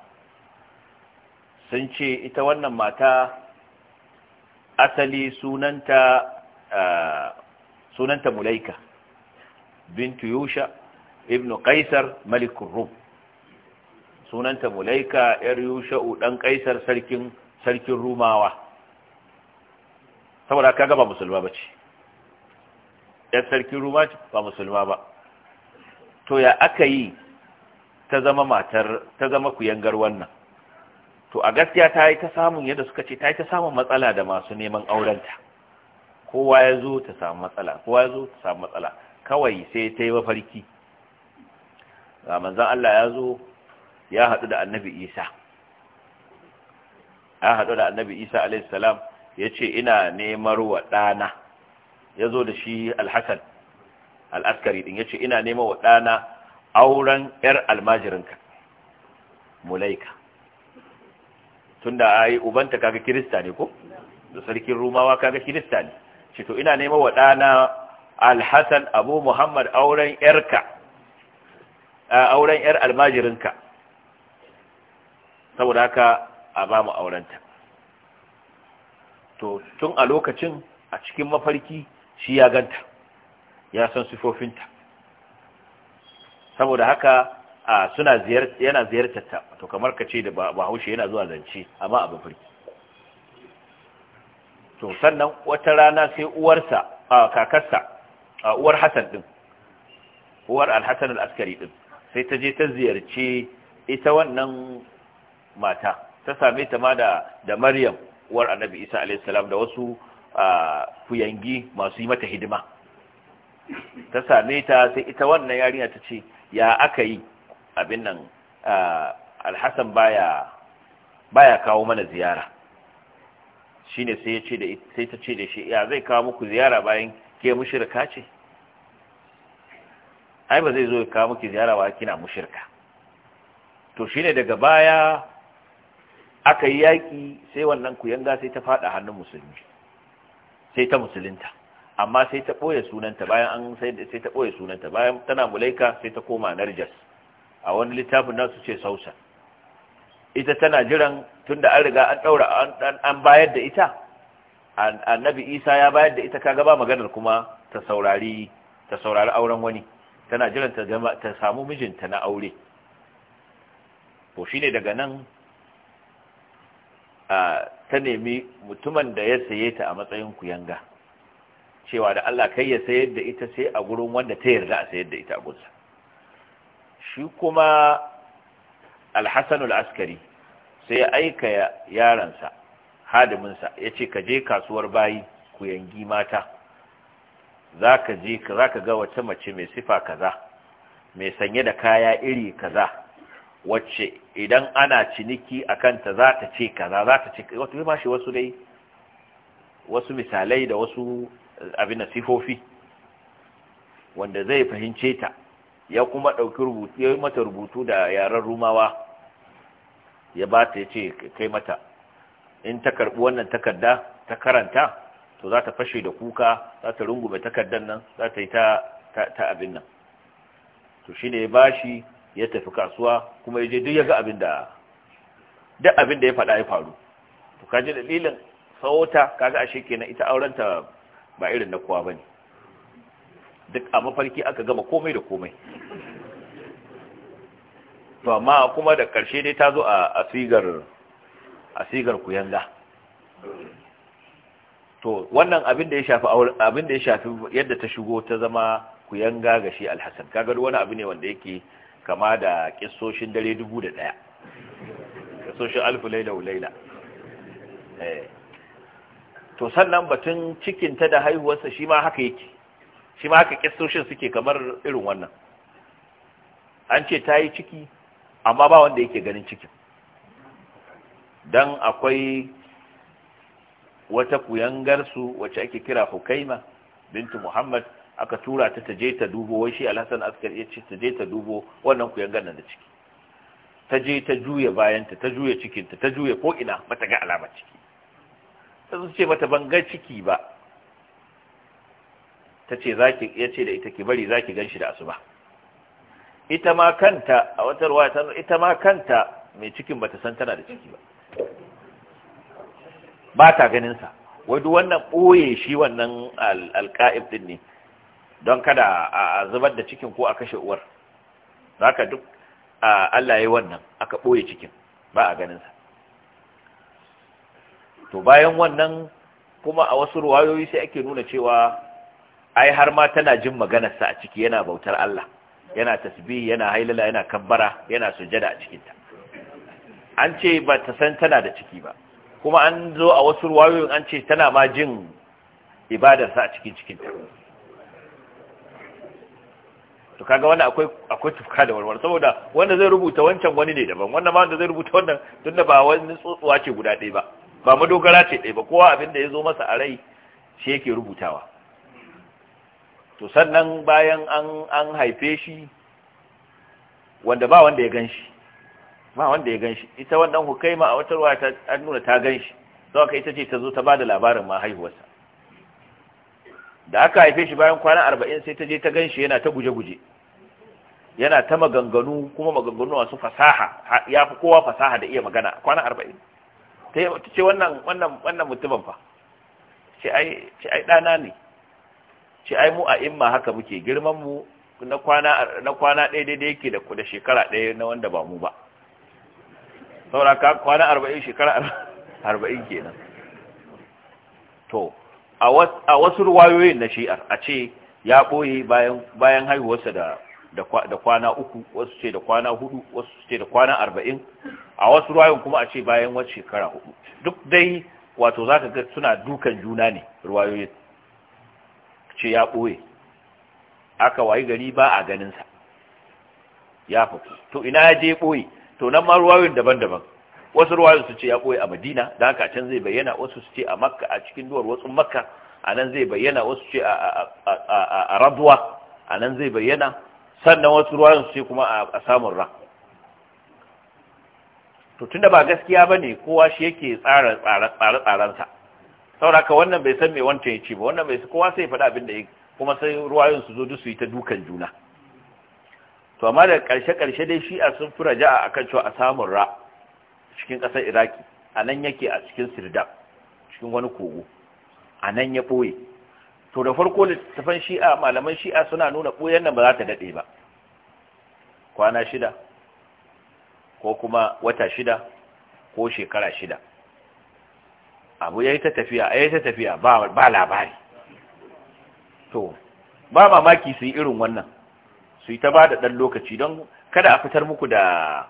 sun ce ita wannan mata asali sunanta sunanta mulaika bintu yusha ibn qaisar malikur rum sunanta mulaika yar Yusha dan qaisar sarkin sarkin rumawa saboda kaga ba musulma ba ce. yar sarkin ruma ba musulma ba to ya aka yi ta zama matar ta zama kuyangar wannan to a gaskiya ta yi ta samun yadda suka ce ta yi ta samun matsala da masu neman aurenta kowa ya zo ta samu matsala kowa ya zo ta samu matsala kawai sai ta yi mafarki ga manzan Allah ya zo ya haɗu da annabi isa ya haɗu da annabi isa a.s. ya ce ina nemar wa ɗana ya zo da shi alhassan al'askari ɗin ya ce ina neman wa ɗana auren ‘yar almajirinka mulaika tunda ai ubanta kaga kirista ne ko da sarkin rumawa kaga kirista ne shi to ina nema wa ɗana alhassan abu muhammad auren yarka auren yar almajirinka saboda haka a ba mu aurenta to tun a lokacin a cikin mafarki shi ya ganta ya san sifofinta saboda haka suna ziyarta yana ziyartar ta to kamar ka ce da bahaushe yana zuwa zance amma a to sannan wata rana sai uwarsa a kakarsa a uwar Hassan din uwar al askari din sai ta je ta ziyarci ita wannan mata ta same ta ma da da Maryam uwar Annabi Isa alayhi salam da wasu kuyangi masu yi mata hidima ta same ta sai ita wannan yarinya ta ce ya aka yi abin nan alhassan baya baya kawo mana ziyara shine sai ya ce da sai ta ce da shi ya zai kawo muku ziyara bayan ke mushirka ce ai ba zai zo ya kawo muku ziyara ba kina mushirka to shine daga baya aka yi yaƙi sai wannan kuyanga sai ta faɗa hannun musulmi sai ta musulunta amma sai ta ɓoye sunanta bayan an sai ta ɓoye sunanta bayan tana mulaika sai ta koma narjas a wani littafin nasu ce sausa ita tana jiran tunda an riga an daura an bayar da ita annabi isa ya bayar da ita kaga ba maganar kuma ta saurari ta saurari auren wani tana jiran ta samu mijinta na aure to ne daga nan ta nemi mutumin da ya saye ta a matsayin kuyanga cewa da Allah kai ya sayar da ita sai a gurin wanda ta yarda a sayar da ita a shi kuma alhassanul askari sai ya aika yaransa hadiminsa ya ce ka je kasuwar bayi ku yangi mata za ka je za ka ga wata mace mai sifa kaza mai sanye da kaya iri kaza wacce idan ana ciniki a kanta za ta ce kaza za ta ce wata ba shi wasu dai wasu misalai da wasu abin da sifofi wanda zai fahimce ta ya kuma ɗauki rubutu ya yi mata rubutu da yaren rumawa ya ba ta ya ce kai mata in ta karɓi wannan takarda ta karanta to za ta fashe da kuka za ta rungume takardar nan za ta yi ta abin nan to shi ne ya bashi ya tafi kasuwa kuma ya je duk ya ga abin da duk abin da ya faɗa ya faru to kaji dalilin sauta kaga ashe kenan ita aurenta ba irin na kowa bane duk a mafarki aka gama komai da komai to amma kuma da ƙarshe dai ta zo a sigar a sigar kuyanga to wannan abin da ya shafi abin da ya shafi yadda ta shigo ta zama kuyanga ga shi alhassan kaga wani abu ne wanda yake kama da kissoshin dare dubu da ɗaya kissoshin alfu laila wa laila eh. to sannan batun cikinta da haihuwarsa shi ma haka yake shi ma haka kistoshin suke kamar irin wannan an ce ta yi ciki amma ba wanda yake ganin cikin don akwai wata kuyangarsu wacce ake kira hukaima bintu muhammad aka tura ta taje ta dubo wai shi alhassan askar ya ce taje ta dubo wannan kuyangar nan da ciki ta je ta juya bayanta ta juya cikinta ta juya ko'ina bata ga alama ciki ta su ce mata ban ga ciki ba ta ce ya ce da ita ki bari za ki gan shi da asuba ita ma kanta a wata ruwa ta ita ma kanta mai cikin bata san tana da ciki ba ba ta ganinsa wadda wannan ɓoye shi wannan alka'ib din ne don kada a zubar da cikin ko a kashe uwar ka duk Allah ya wannan aka ɓoye cikin ba a ganinsa to bayan wannan kuma a wasu ruwayoyi sai ake nuna cewa ai har ma tana jin maganarsa a ciki yana bautar Allah yana tasbihi yana hailala yana kabbara yana sujada a cikinta an ce ba ta san tana da ciki ba kuma an zo a wasu ruwayoyin an ce tana ma jin ibadarsa a cikin cikinta to kaga wannan akwai akwai tufka da warwar saboda wanda zai rubuta wancan wani ne daban wannan ma wanda zai rubuta wannan tunda ba wani tsotsuwa ce guda ɗaya ba ba madogara ce ɗaya ba kowa abin da ya zo masa a rai shi yake rubutawa to sannan bayan an an haife shi wanda ba wanda ya ganshi ba wanda ya ganshi ita wannan hukaima a wata ruwa ta an nuna ta ganshi to aka ita ce ta zo ta da labarin ma haihuwarsa da aka haife shi bayan kwana arba'in sai ta je ta ganshi yana ta guje-guje yana ta maganganu kuma maganganu masu fasaha ya fi kowa fasaha da iya magana kwana arba'in. ta ce wannan wannan mutumin fa ce ai ɗana ne ce ai mu a imma haka muke girman mu na kwana na kwana ɗaya yake da da shekara ɗaya na wanda ba mu ba saboda ka kwana 40 shekara 40 kenan to a wasu ruwayoyin na shi'ar a ce ya ɓoye bayan haihuwarsa da da kwana uku wasu ce da kwana hudu wasu ce da kwana arba'in a wasu ruwayoyin kuma a ce bayan wata shekara hudu duk dai wato za ka ga suna dukan juna ne ruwayoyin ce ya ɓoye aka wayi gari ba a ganinsa ya faku to ina ya je ɓoye to nan ma ruwayoyin daban-daban wasu ruwayoyin su ce ya ɓoye a madina da haka can zai bayyana wasu su ce a makka a cikin duwar wasu makka a nan zai bayyana wasu ce a rabuwa a nan zai bayyana sannan wasu ruwayoyin su ce kuma a samun ra to tunda ba gaskiya ba ne kowa shi yake tsara tsare-tsarensa sauraka wannan bai san me wancan ya ce ba wannan bai kowa sai ya faɗa abin da ya kuma sai ruwa su zo duk su yi ta dukan juna to amma da ƙarshe ƙarshe dai shi'a sun fura a akan cewa a samun ra cikin ƙasar iraki a nan yake a cikin sirda cikin wani kogo a nan ya ɓoye to da farko littattafan shi'a malaman shi'a suna nuna ɓoyen nan ba za ta daɗe ba kwana shida ko kuma wata shida ko shekara shida abu ya yi ta tafiya ya yi ta tafiya ba labari to ba mamaki su yi irin wannan su yi ta ba da ɗan lokaci don kada a fitar muku da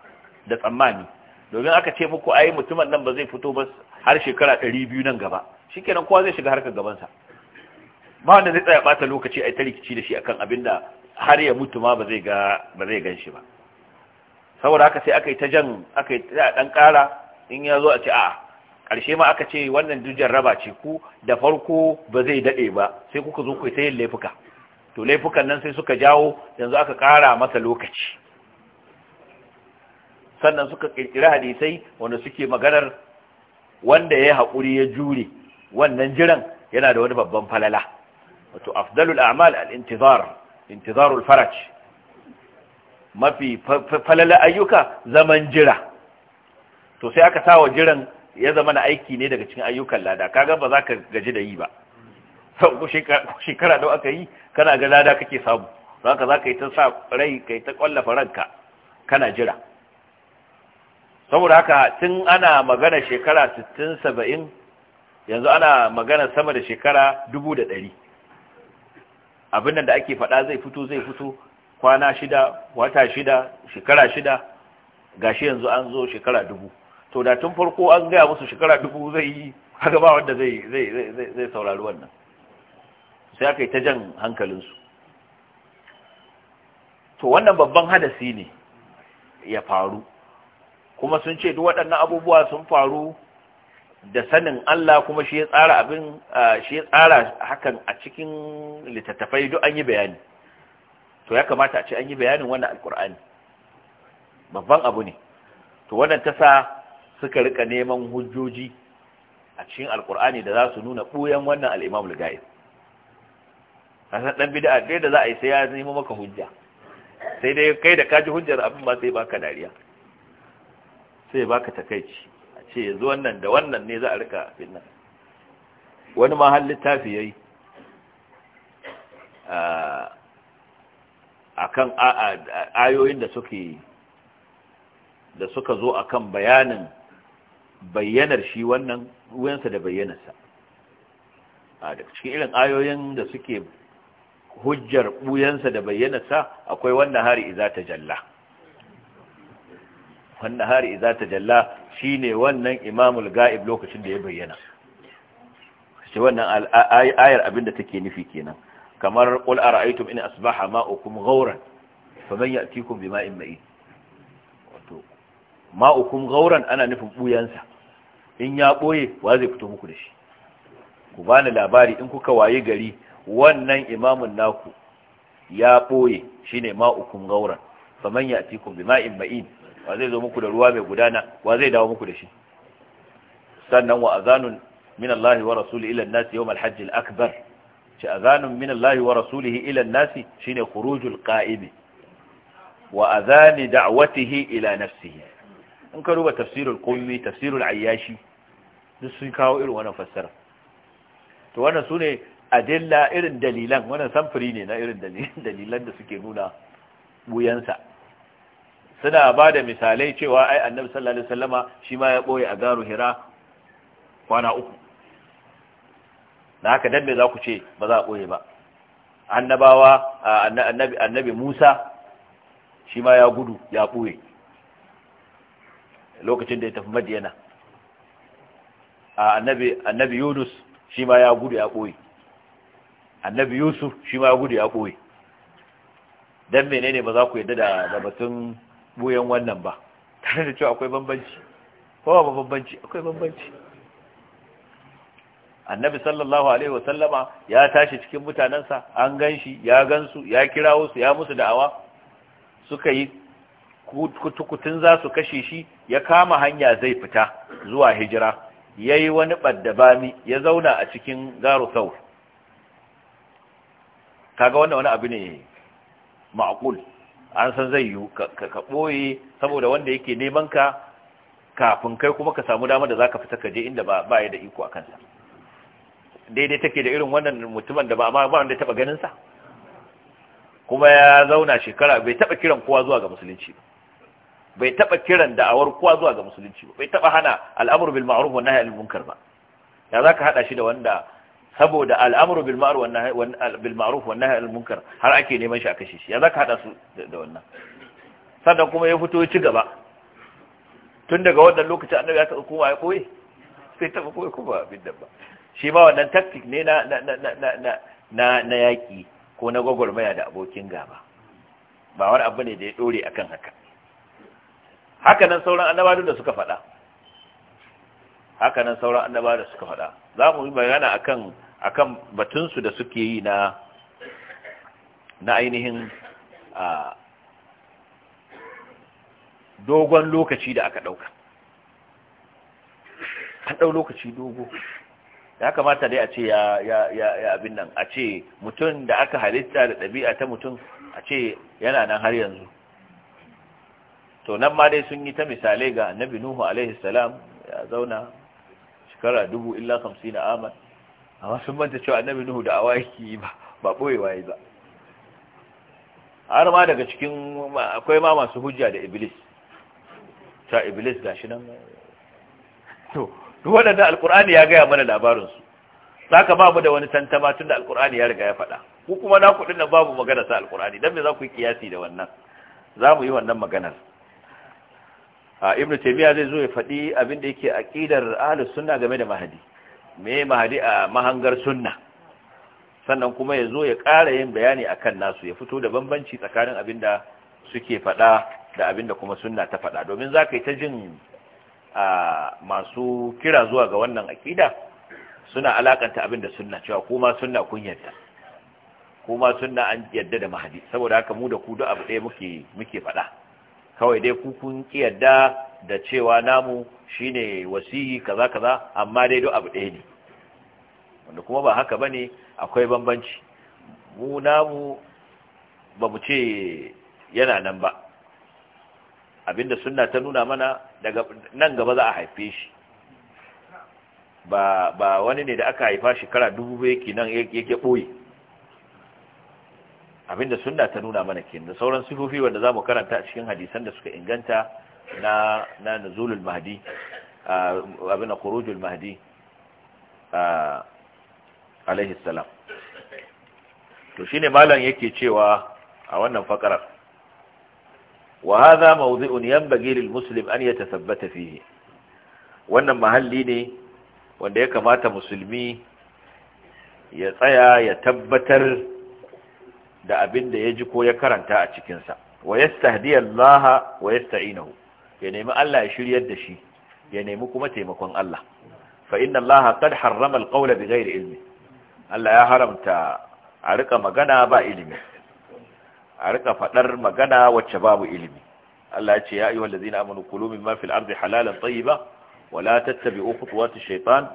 tsammani domin aka ce muku ai mutumin nan ba zai fito ba har shekara ɗari biyu nan gaba shi kenan kowa zai shiga harkar gabansa ba wanda zai tsaya ɓata lokaci a yi ta rikici da shi akan abin da har ya mutu ma ba zai gan shi ba saboda haka sai aka yi ta jan aka yi ta ɗan ƙara in ya zo a ce a'a ƙarshe ma aka ce wannan dujar raba ce ku da farko ba zai daɗe ba sai kuka zo ku ta yin laifuka to laifukan nan sai suka jawo yanzu aka ƙara masa lokaci sannan suka ƙirƙiri hadisai wanda suke maganar wanda ya haƙuri ya jure wannan jiran yana da wani babban falala wato afdalul a'mal al-intizar intizarul faraj mafi falala ayyuka zaman jira to sai aka sawa jiran ya zama na aiki ne daga cikin ayyukan lada kaga ba za ka gaji da yi ba sau shekara da aka yi kana ga lada kake samu za ka za ka yi ta sa rai ka yi ta kwallafa ranka kana jira saboda haka tun ana magana shekara 60-70 yanzu ana magana sama da shekara 100 abin da ake fada zai fito zai fito kwana shida wata shida shekara shida gashi yanzu an zo shekara dubu to da tun farko an gaya musu shekara dubu zai yi haka ba wanda zai zai saurari wannan sai aka yi ta jan hankalinsu to wannan babban hadasi ne ya faru kuma sun ce duk waɗannan abubuwa sun faru da sanin Allah kuma shi ya tsara abin shi ya tsara hakan a cikin litattafai duk an yi bayani to ya kamata a ce an yi bayanin wannan alkur'ani babban abu ne to wannan ta sa suka rika neman hujjoji a cikin alkur'ani da za su nuna ɓoyen wannan al'imamul ga'ib kasan ɗan bida ɗaya da za a yi sai ya nemo maka hujja sai dai kai da kaji hujjar abin ba sai baka dariya sai baka takaici a ce yanzu wannan da wannan ne za a rika finna wani ma hal littafi yayi akan ayoyin da suke da suka zo akan bayanin bayyanar shi wannan wuyansa da bayyanarsa a daga cikin irin ayoyin da suke hujjar buyansa da bayyanarsa akwai wannan hari iza ta jalla wannan hari iza ta jalla shine wannan imamul ga'ib lokacin da ya bayyana shi wannan ayar abinda take nufi kenan kamar qul ara'aytum in asbaha ma'ukum fa faman ya'tikum bima'in ma'in ma'ukum gauran ana nufin buyansa in ya boye wa zai fito muku da shi ku bani labari in kuka waye gari wannan imamun naku ya boye shine ma'ukum gauran faman ya'tikum bima'in ba'in. wa zai zo muku da ruwa mai gudana wa zai dawo muku da shi sannan wa azanun min Allah wa rasulihi ila an-nas yawm al-hajj al-akbar shi azanun min Allah wa rasulihi ila an-nas shine khurujul qa'im wa azani da'watihi ila nafsihi in ka duba tafsirul qummi tafsirul ayyashi duk sun kawo irin wannan fassara to wannan sune adilla irin dalilan wannan samfuri ne na irin dalilan da suke nuna buyansa suna ba da misalai cewa ai annabi sallallahu alaihi wasallama shi ma ya boye a garu hira kwana uku na haka dan me za ku ce ba za a boye ba annabawa annabi annabi Musa shi ma ya gudu ya boye lokacin da ya tafi madiyana annabi annabi yunus shi ma ya gudu ya ɓoye annabi yusuf shi ma ya gudu ya ɓoye don menene ba za ku yadda da batun buyan wannan ba tare da cewa akwai bambanci kowa ba bambanci akwai bambanci annabi sallallahu alaihi wasallama ya tashi cikin mutanensa an ganshi ya gansu ya kirawo su ya musu da'awa suka yi kutukutun za su kashe shi ya kama hanya zai fita zuwa hijira ya yi wani ɓaddabami ya zauna a cikin garu saur kaga wannan wani abu ne ma'akul an san zai yiwu ka ɓoye saboda wanda yake neman ka kafin kai kuma ka samu dama da zaka ka fita kaje inda ba ya da iko a kansa daidai take da irin wannan mutumin da ba ma ba wanda taɓa ganinsa kuma ya zauna shekara bai taɓa kiran kowa zuwa ga musulunci ba bai taba kiran da'awar kowa zuwa ga musulunci ba bai taba hana al'amuru bil ma'ruf wa nahyi anil munkar ba ya zaka hada shi da wanda saboda al'amuru bil ma'ruf wa nahyi bil ma'ruf wa nahyi anil munkar har ake neman shi a kashe shi ya zaka hada su da wannan sannan kuma ya fito ci gaba tun daga wannan lokacin annabi ya taba kowa ya koyi sai taba koyi kuma abin da ba shi ma wannan tactic ne na na na na na na yaki ko na gwagwarmaya da abokin gaba ba wani abu ne da ya dore akan haka haka nan sauran annabawa da suka faɗa haka nan sauran annabawa da suka faɗa za mu yi magana akan akan batunsu da suke yi na na ainihin a dogon lokaci da aka ɗauka an ɗau lokaci dogo ya kamata dai a ce ya abin nan a ce mutum da aka halitta da ɗabi'a ta mutum a ce yana nan har yanzu to nan ma dai sun yi ta misalai ga annabi nuhu alaihi salam ya zauna shekara dubu illa hamsin aman amma sun manta cewa annabi nuhu da awaki ba ba boyewa yi ba har ma daga cikin akwai ma masu hujja da iblis ta iblis ga shi nan to duk waɗanda alkur'ani ya gaya mana labarinsu za ka ba mu da wani tantama tun da alkur'ani ya riga ya faɗa ko kuma na kuɗin nan babu magana sa alkur'ani don me za ku yi kiyasi da wannan za mu yi wannan maganar ibn taymiya zai zo ya faɗi abin da yake aqidar ahlus sunna game da mahadi me mahadi a mahangar sunna sannan kuma ya zo ya ƙara yin bayani akan nasu ya fito da bambanci tsakanin abin da suke faɗa da abin da kuma sunna ta faɗa domin za ka yi ta jin masu kira zuwa ga wannan aƙida suna alakanta abin da sunna cewa kuma sunna kun yadda kuma sunna an yadda da mahadi saboda haka mu da ku duk abu ɗaya muke muke faɗa kawai dai kukun kiyarda da cewa namu shine wasiyi kaza kaza amma dai duk abu ɗaya ne wanda kuma ba haka bane akwai bambanci mu namu ba mu ce yana nan ba abinda sunna ta nuna mana daga nan gaba za a haife shi ba wani ne da aka haifa shekara dubu yake nan yake boye abinda sunna ta nuna mana kenan da sauran sifofi wanda zamu karanta a cikin hadisan da suka inganta na na nuzulul mahdi abin da khurujul mahdi alaihi salam to shine malam yake cewa a wannan fakarar wa hadha mawdhi'un yanbaghi lil muslim an yatathabbata fihi wannan mahalli ne wanda ya kamata musulmi ya tsaya ya tabbatar da abin da ya ji ko ya karanta a cikinsa wa yastahdiya Allah wa yasta'inahu ya nemi Allah ya shiryar da shi ya nemi kuma taimakon Allah fa inna Allah qad harrama alqawla bighayri ilmi Allah ya haramta a rika magana ba ilimi a rika fadar magana wacce babu ilimi Allah ya ce ya ayyuhal ladina amanu kulu mimma fil ardi halalan tayyiba wa la tattabi'u khutuwati shaytan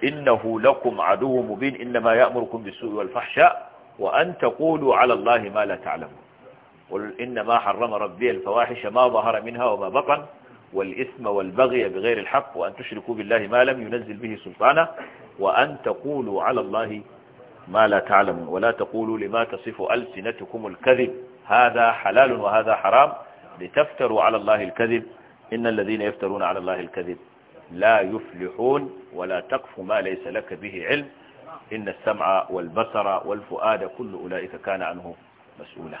innahu lakum aduwwun mubin inma ya'murukum bis-su'i wal fahsha' وأن تقولوا على الله ما لا تعلمون قل إنما حرم ربي الفواحش ما ظهر منها وما بطن والإثم والبغي بغير الحق وأن تشركوا بالله ما لم ينزل به سلطانا وأن تقولوا على الله ما لا تعلمون ولا تقولوا لما تصف ألسنتكم الكذب هذا حلال وهذا حرام لتفتروا على الله الكذب إن الذين يفترون على الله الكذب لا يفلحون ولا تقف ما ليس لك به علم inna sam'a wal basara wal fu'ada kullu ula'ika kana anhu mas'ula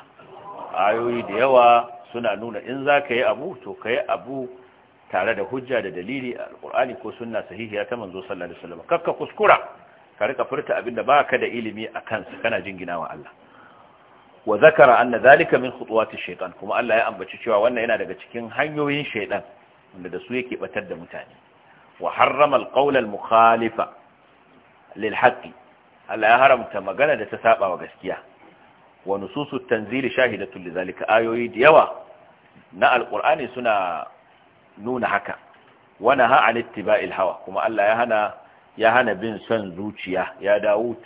ayoyi da yawa suna nuna in za ka yi abu to ka yi abu tare da hujja da dalili a alkur'ani ko sunna sahihiya ta manzo sallallahu alaihi wasallam kakka kuskura ka rika furta abinda baka da ilimi a kansa kana jinginawa Allah wa zakara anna zalika min khutuwati shaytan kuma Allah ya ambaci cewa wannan yana daga cikin hanyoyin shaytan wanda da su yake batar da mutane wa ƙaular alqawla almukhalifa للحق الله يا هرم تمغنى ده تسابع وغسكية ونصوص التنزيل شاهدة لذلك آيوه ديوة نا القرآن سنة نون حكا ونها عن اتباع الهوى كما الله يهنى يهنى بن سنزوتيا يا داود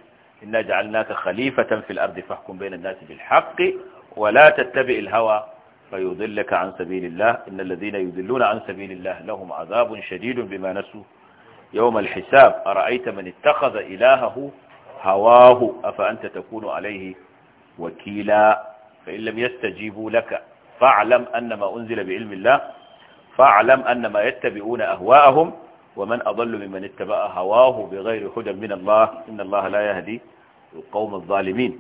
إنا جعلناك خليفة في الأرض فاحكم بين الناس بالحق ولا تتبع الهوى فيضلك عن سبيل الله إن الذين يضلون عن سبيل الله لهم عذاب شديد بما نسوه يوم الحساب أرأيت من اتخذ إلهه هواه أفأنت تكون عليه وكيلا فإن لم يستجيبوا لك فاعلم أن ما أنزل بعلم الله فاعلم أن ما يتبعون أهواءهم ومن أضل ممن اتبع هواه بغير هدى من الله إن الله لا يهدي القوم الظالمين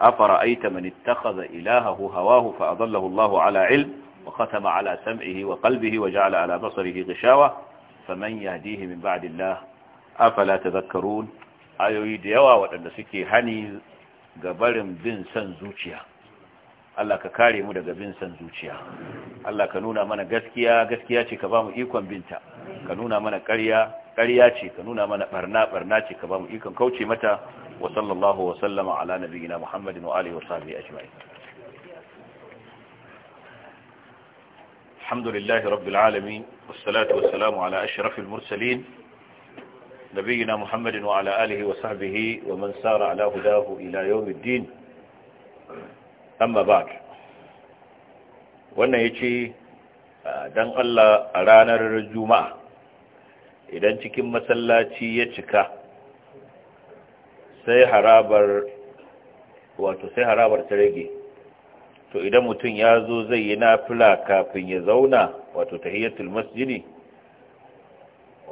أفرأيت من اتخذ إلهه هواه فأضله الله على علم وختم على سمعه وقلبه وجعل على بصره غشاوة faman yahdihi min ba'dillah afala tadhakkarun ayoyi da yawa waɗanda suke hani ga barin bin san zuciya Allah ka kare mu daga bin san zuciya Allah ka nuna mana gaskiya gaskiya ce ka ba mu ikon binta ka nuna mana ƙarya ƙarya ce ka nuna mana barna barna ce ka ba mu ikon kauce mata wa sallallahu wa sallama ala nabiyyina muhammadin wa alihi wa sahbihi ajma'in الحمد لله رب العالمين والصلاة والسلام على أشرف المرسلين نبينا محمد وعلى آله وصحبه ومن سار على هداه إلى يوم الدين أما بعد wannan ya ce don Allah a ranar juma'a idan cikin masallaci ya cika sai harabar wato sai harabar ta rage to idan mutum ya zo zai yi nafila kafin ya zauna wato tahiyatul masjidi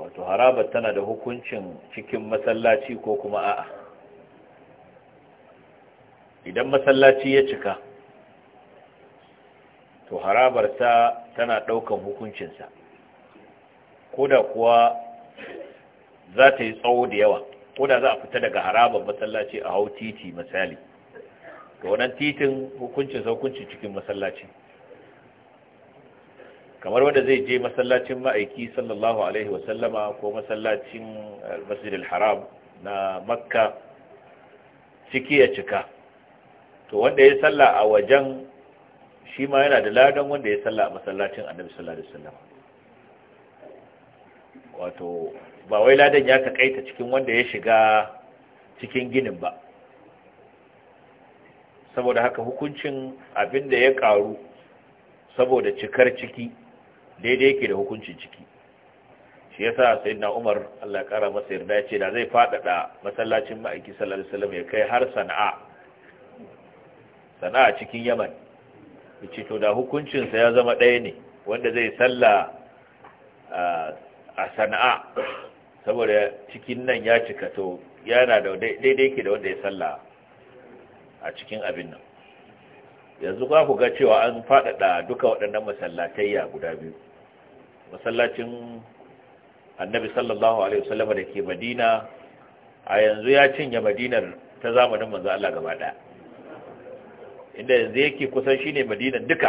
wato harabar tana da hukuncin cikin masallaci ko kuma a'a idan masallaci ya cika to harabar tana daukan hukuncinsa ko da kuwa za ta yi tsawo da yawa ko da za a fita daga harabar masallaci a hau titi misali to wannan titin hukuncin saukunci cikin masallaci kamar wanda zai je masallacin ma'aiki sallallahu alaihi wasallama ko masallacin eh, masjid al haram na makka ciki ya cika to wanda ya salla a wajen shi ma yana da ladan wanda ya salla a masallacin annabi sallallahu alaihi wasallama wato ba wai ladan ya takaita cikin wanda ya shiga cikin ginin ba saboda haka hukuncin abin da ya karu saboda cikar ciki daidai yake da hukuncin ciki shi yasa sayyidina Umar Allah ya kara masa yarda ya ce da zai faɗaɗa masallacin ma'aiki sallallahu alaihi wasallam ya kai har Sana'a Sana'a cikin Yaman yace to da hukuncin sa ya zama ɗaya ne wanda zai salla a Sana'a saboda cikin nan ya cika to yana da daidai yake da wanda ya salla a cikin abin nan yanzu ga ku ga cewa an faɗaɗa duka waɗannan masallatayya guda biyu masallacin annabi sallallahu alaihi wasallam da ke madina a yanzu ya cinye madinar ta zamanin manzo Allah gaba ɗaya inda yanzu yake kusan shine madinar duka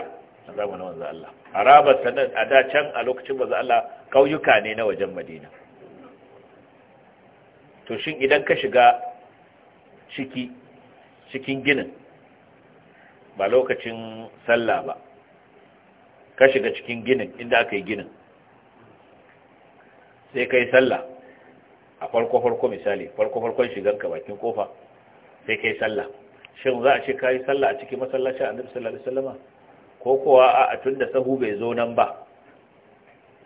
a zamanin manzo Allah araba sanan a da can a lokacin manzo Allah kauyuka ne na wajen madina to shin idan ka shiga ciki cikin ginin ba lokacin sallah ba ka shiga cikin ginin inda aka yi ginin sai ka yi sallah a farko-farko misali farko-farkon shiganka bakin kofa sai ka yi sallah shin za a ce ka yi sallah a cikin masallacin annabi sallallahu alaihi wasallama ko kowa a tun da sahu bai zo nan ba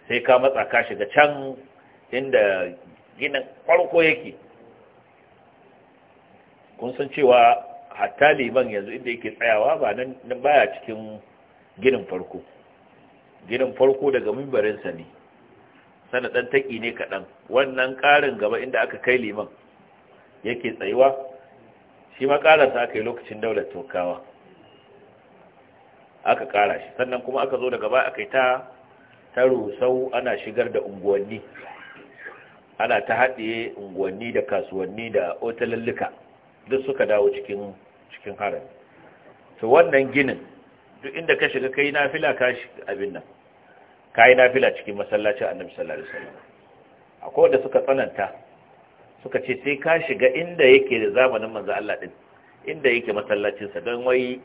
sai ka matsa ka shiga can inda ginin farko yake kun san cewa hatta liman yanzu inda yake tsayawa ba nan baya cikin ginin farko ginin farko daga mimbarinsa ne Sana dan taki ne kaɗan wannan ƙarin gaba inda aka kai liman yake tsayuwa shi ma aka yi lokacin daular turkawa aka ƙara shi sannan kuma aka zo daga baya aka yi ta rusau ana shigar da unguwanni ana ta haɗe unguwanni da kasuwanni da otalallika duk suka dawo cikin cikin harami to wannan ginin duk inda ka shiga kai nafila ka abin nan kai nafila cikin masallacin annabi sallallahu alaihi wasallam akwai wanda suka tsananta suka ce sai ka shiga inda yake da zamanin manzo Allah din inda yake masallacin sa don wai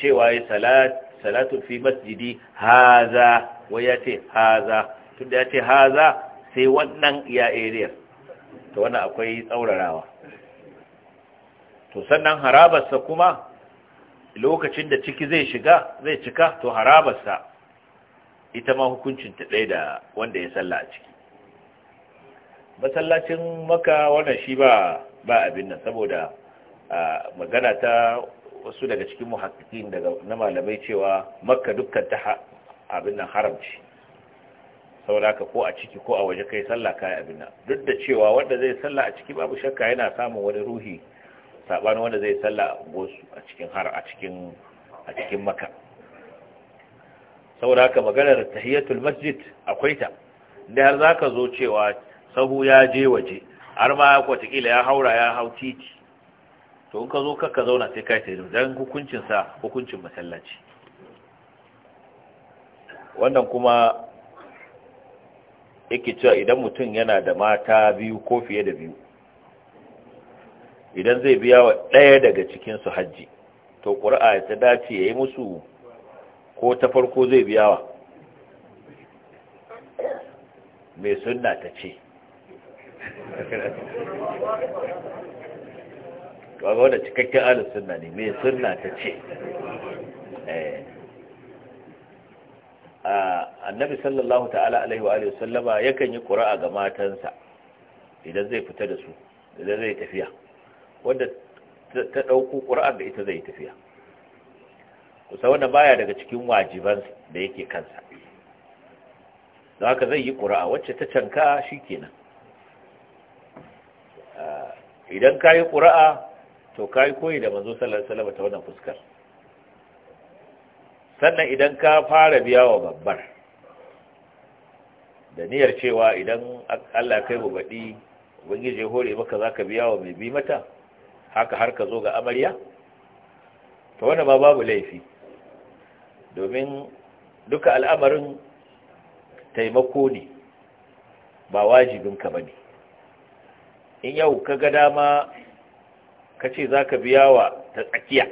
cewa yi salat salatu fi masjidi haza wai ya ce haza tunda ya ce haza sai wannan ya area to wannan akwai tsaurarawa to sannan harabarsa kuma lokacin da ciki zai shiga zai cika to harabarsa ita ma hukuncin ta ɗaya da wanda ya salla a ciki masallacin maka wannan shi ba ba abin nan saboda magana ta wasu daga cikin muhakkikin daga na malamai cewa makka dukkan ta abin nan haramci saboda ko a ciki ko a waje kai sallah kai abin nan duk da cewa wanda zai sallah a ciki babu shakka yana samun wani ruhi sabanin wanda zai salla a su a cikin har a cikin a cikin maka saboda haka maganar tahiyatul masjid akwai ta da har zaka zo cewa sahu ya je waje har ma kwatakila ya haura ya hau titi to in ka zo ka zauna sai ka yi Dan hukuncin sa hukuncin masallaci wannan kuma yake cewa idan mutum yana da mata biyu ko fiye da biyu idan zai biya wa ɗaya daga cikinsu hajji to ƙura'a ta dace ya yi musu ko ta farko zai biya wa mai suna ta ce kaga wadda cikakken alin suna ne mai suna ta ce eh. annabi sallallahu ta'ala alaihi wa sallama yakan yi ƙura'a ga matansa idan zai fita da su idan zai tafiya wanda ta ɗauko ƙura'an da ita zai tafiya kusa wanda baya daga cikin wajiban da yake kansa da haka zai yi ƙura'a wacce ta canka shi kenan idan ka yi ƙura'a to ka yi koyi da manzo salama ta wannan fuskar sannan idan ka fara biya wa babbar da niyyar cewa idan allah kai baɗi ubangiji ya hore maka za ka biya wa mai bi mata haka har ka zo ga amarya to wanda ma babu laifi domin duka al'amarin taimako ne ba wajibinka ba ne in yau ka ga dama ka ce za ka biya wa ta tsakiya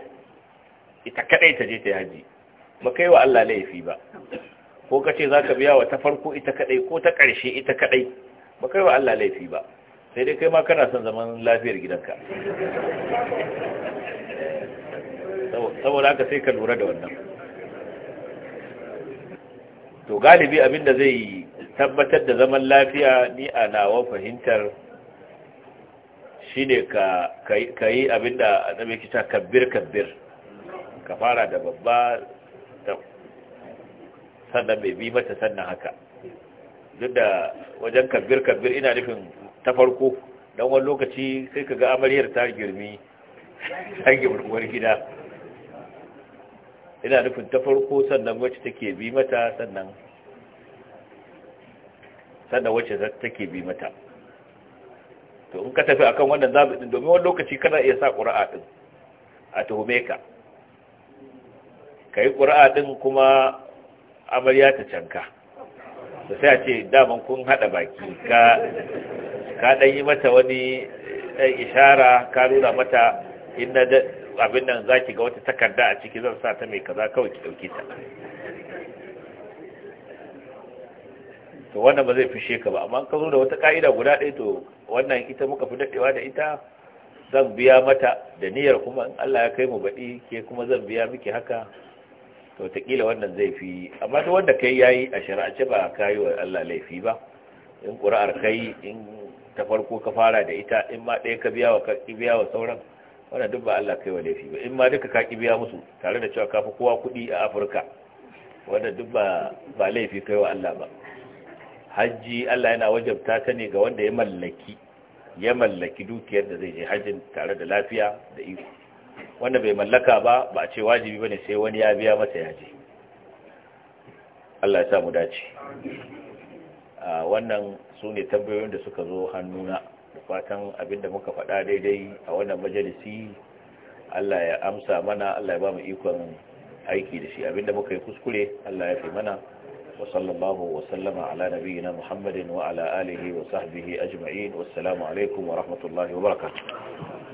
ita kadai ta je ta yaji ba kai wa Allah laifi ba ko ka ce za ka biya wa ta farko ita kadai ko ta ƙarshe ita kadai ba kai wa Allah laifi ba sai dai kai ma kana son zaman lafiyar gidanka saboda haka sai ka lura da wannan to galibi abin da zai tabbatar da zaman lafiya ni a nawa fahimtar shi ne ka yi abinda a zama kita kabbir kabbir ka fara da babba sannan mai bi mata sannan haka duk da wajen kabbir kabbir ina nufin ta farko don wani lokaci sai ka ga amaryar ta girmi ta girmuwar gida ina nufin ta farko sannan wacce take bi mata sannan sannan wacce take bi mata to in ka tafi akan wannan zaɓi ɗin domin wani lokaci kana iya sa ƙura'a ɗin a tuhume ka ka yi ƙura'a ɗin kuma amarya ta canka da sai a ce daman kun haɗa baki ka ka ɗan yi mata wani eh, ishara ka nuna mata inna abin nan zaki ga wata takarda a ciki zan sa ta mai kaza kawai ki ɗauki ta to wannan ba zai fi ka ba amma ka zo da wata ka'ida guda ɗaya to wannan ita muka fi daɗewa da ita zan biya mata da niyyar kuma in Allah ya kai mu baɗi ke kuma zan biya miki haka to taƙila wannan zai fi amma ta wanda kai yayi a shari'ace ba yi wa Allah laifi ba in ƙuri'ar kai in ta farko ka fara da ita in ma ɗaya ka biya wa ka biya wa sauran wanda duk ba Allah kai wa laifi ba in ma duka ka biya musu tare da cewa ka fi kowa kuɗi a Afirka wanda duk ba ba laifi kai wa Allah ba hajji Allah yana wajabta ta ne ga wanda ya mallaki ya mallaki dukiyar da zai je hajjin tare da lafiya da iko wanda bai mallaka ba ba ce wajibi bane sai wani ya biya masa ya je Allah ya sa mu dace ah, wannan su ne tambayoyin da suka zo hannuna da fatan abinda muka faɗa daidai a wannan majalisi Allah ya amsa mana Allah ya ba mu ikon aiki da shi da muka yi kuskure Allah ya fi mana wa sallallahu wa sallama ala nabiyyina Muhammadin wa ala alihi wa sahbihi ajma'in wassalamu alaikum wa rahmatullahi wa barakatuh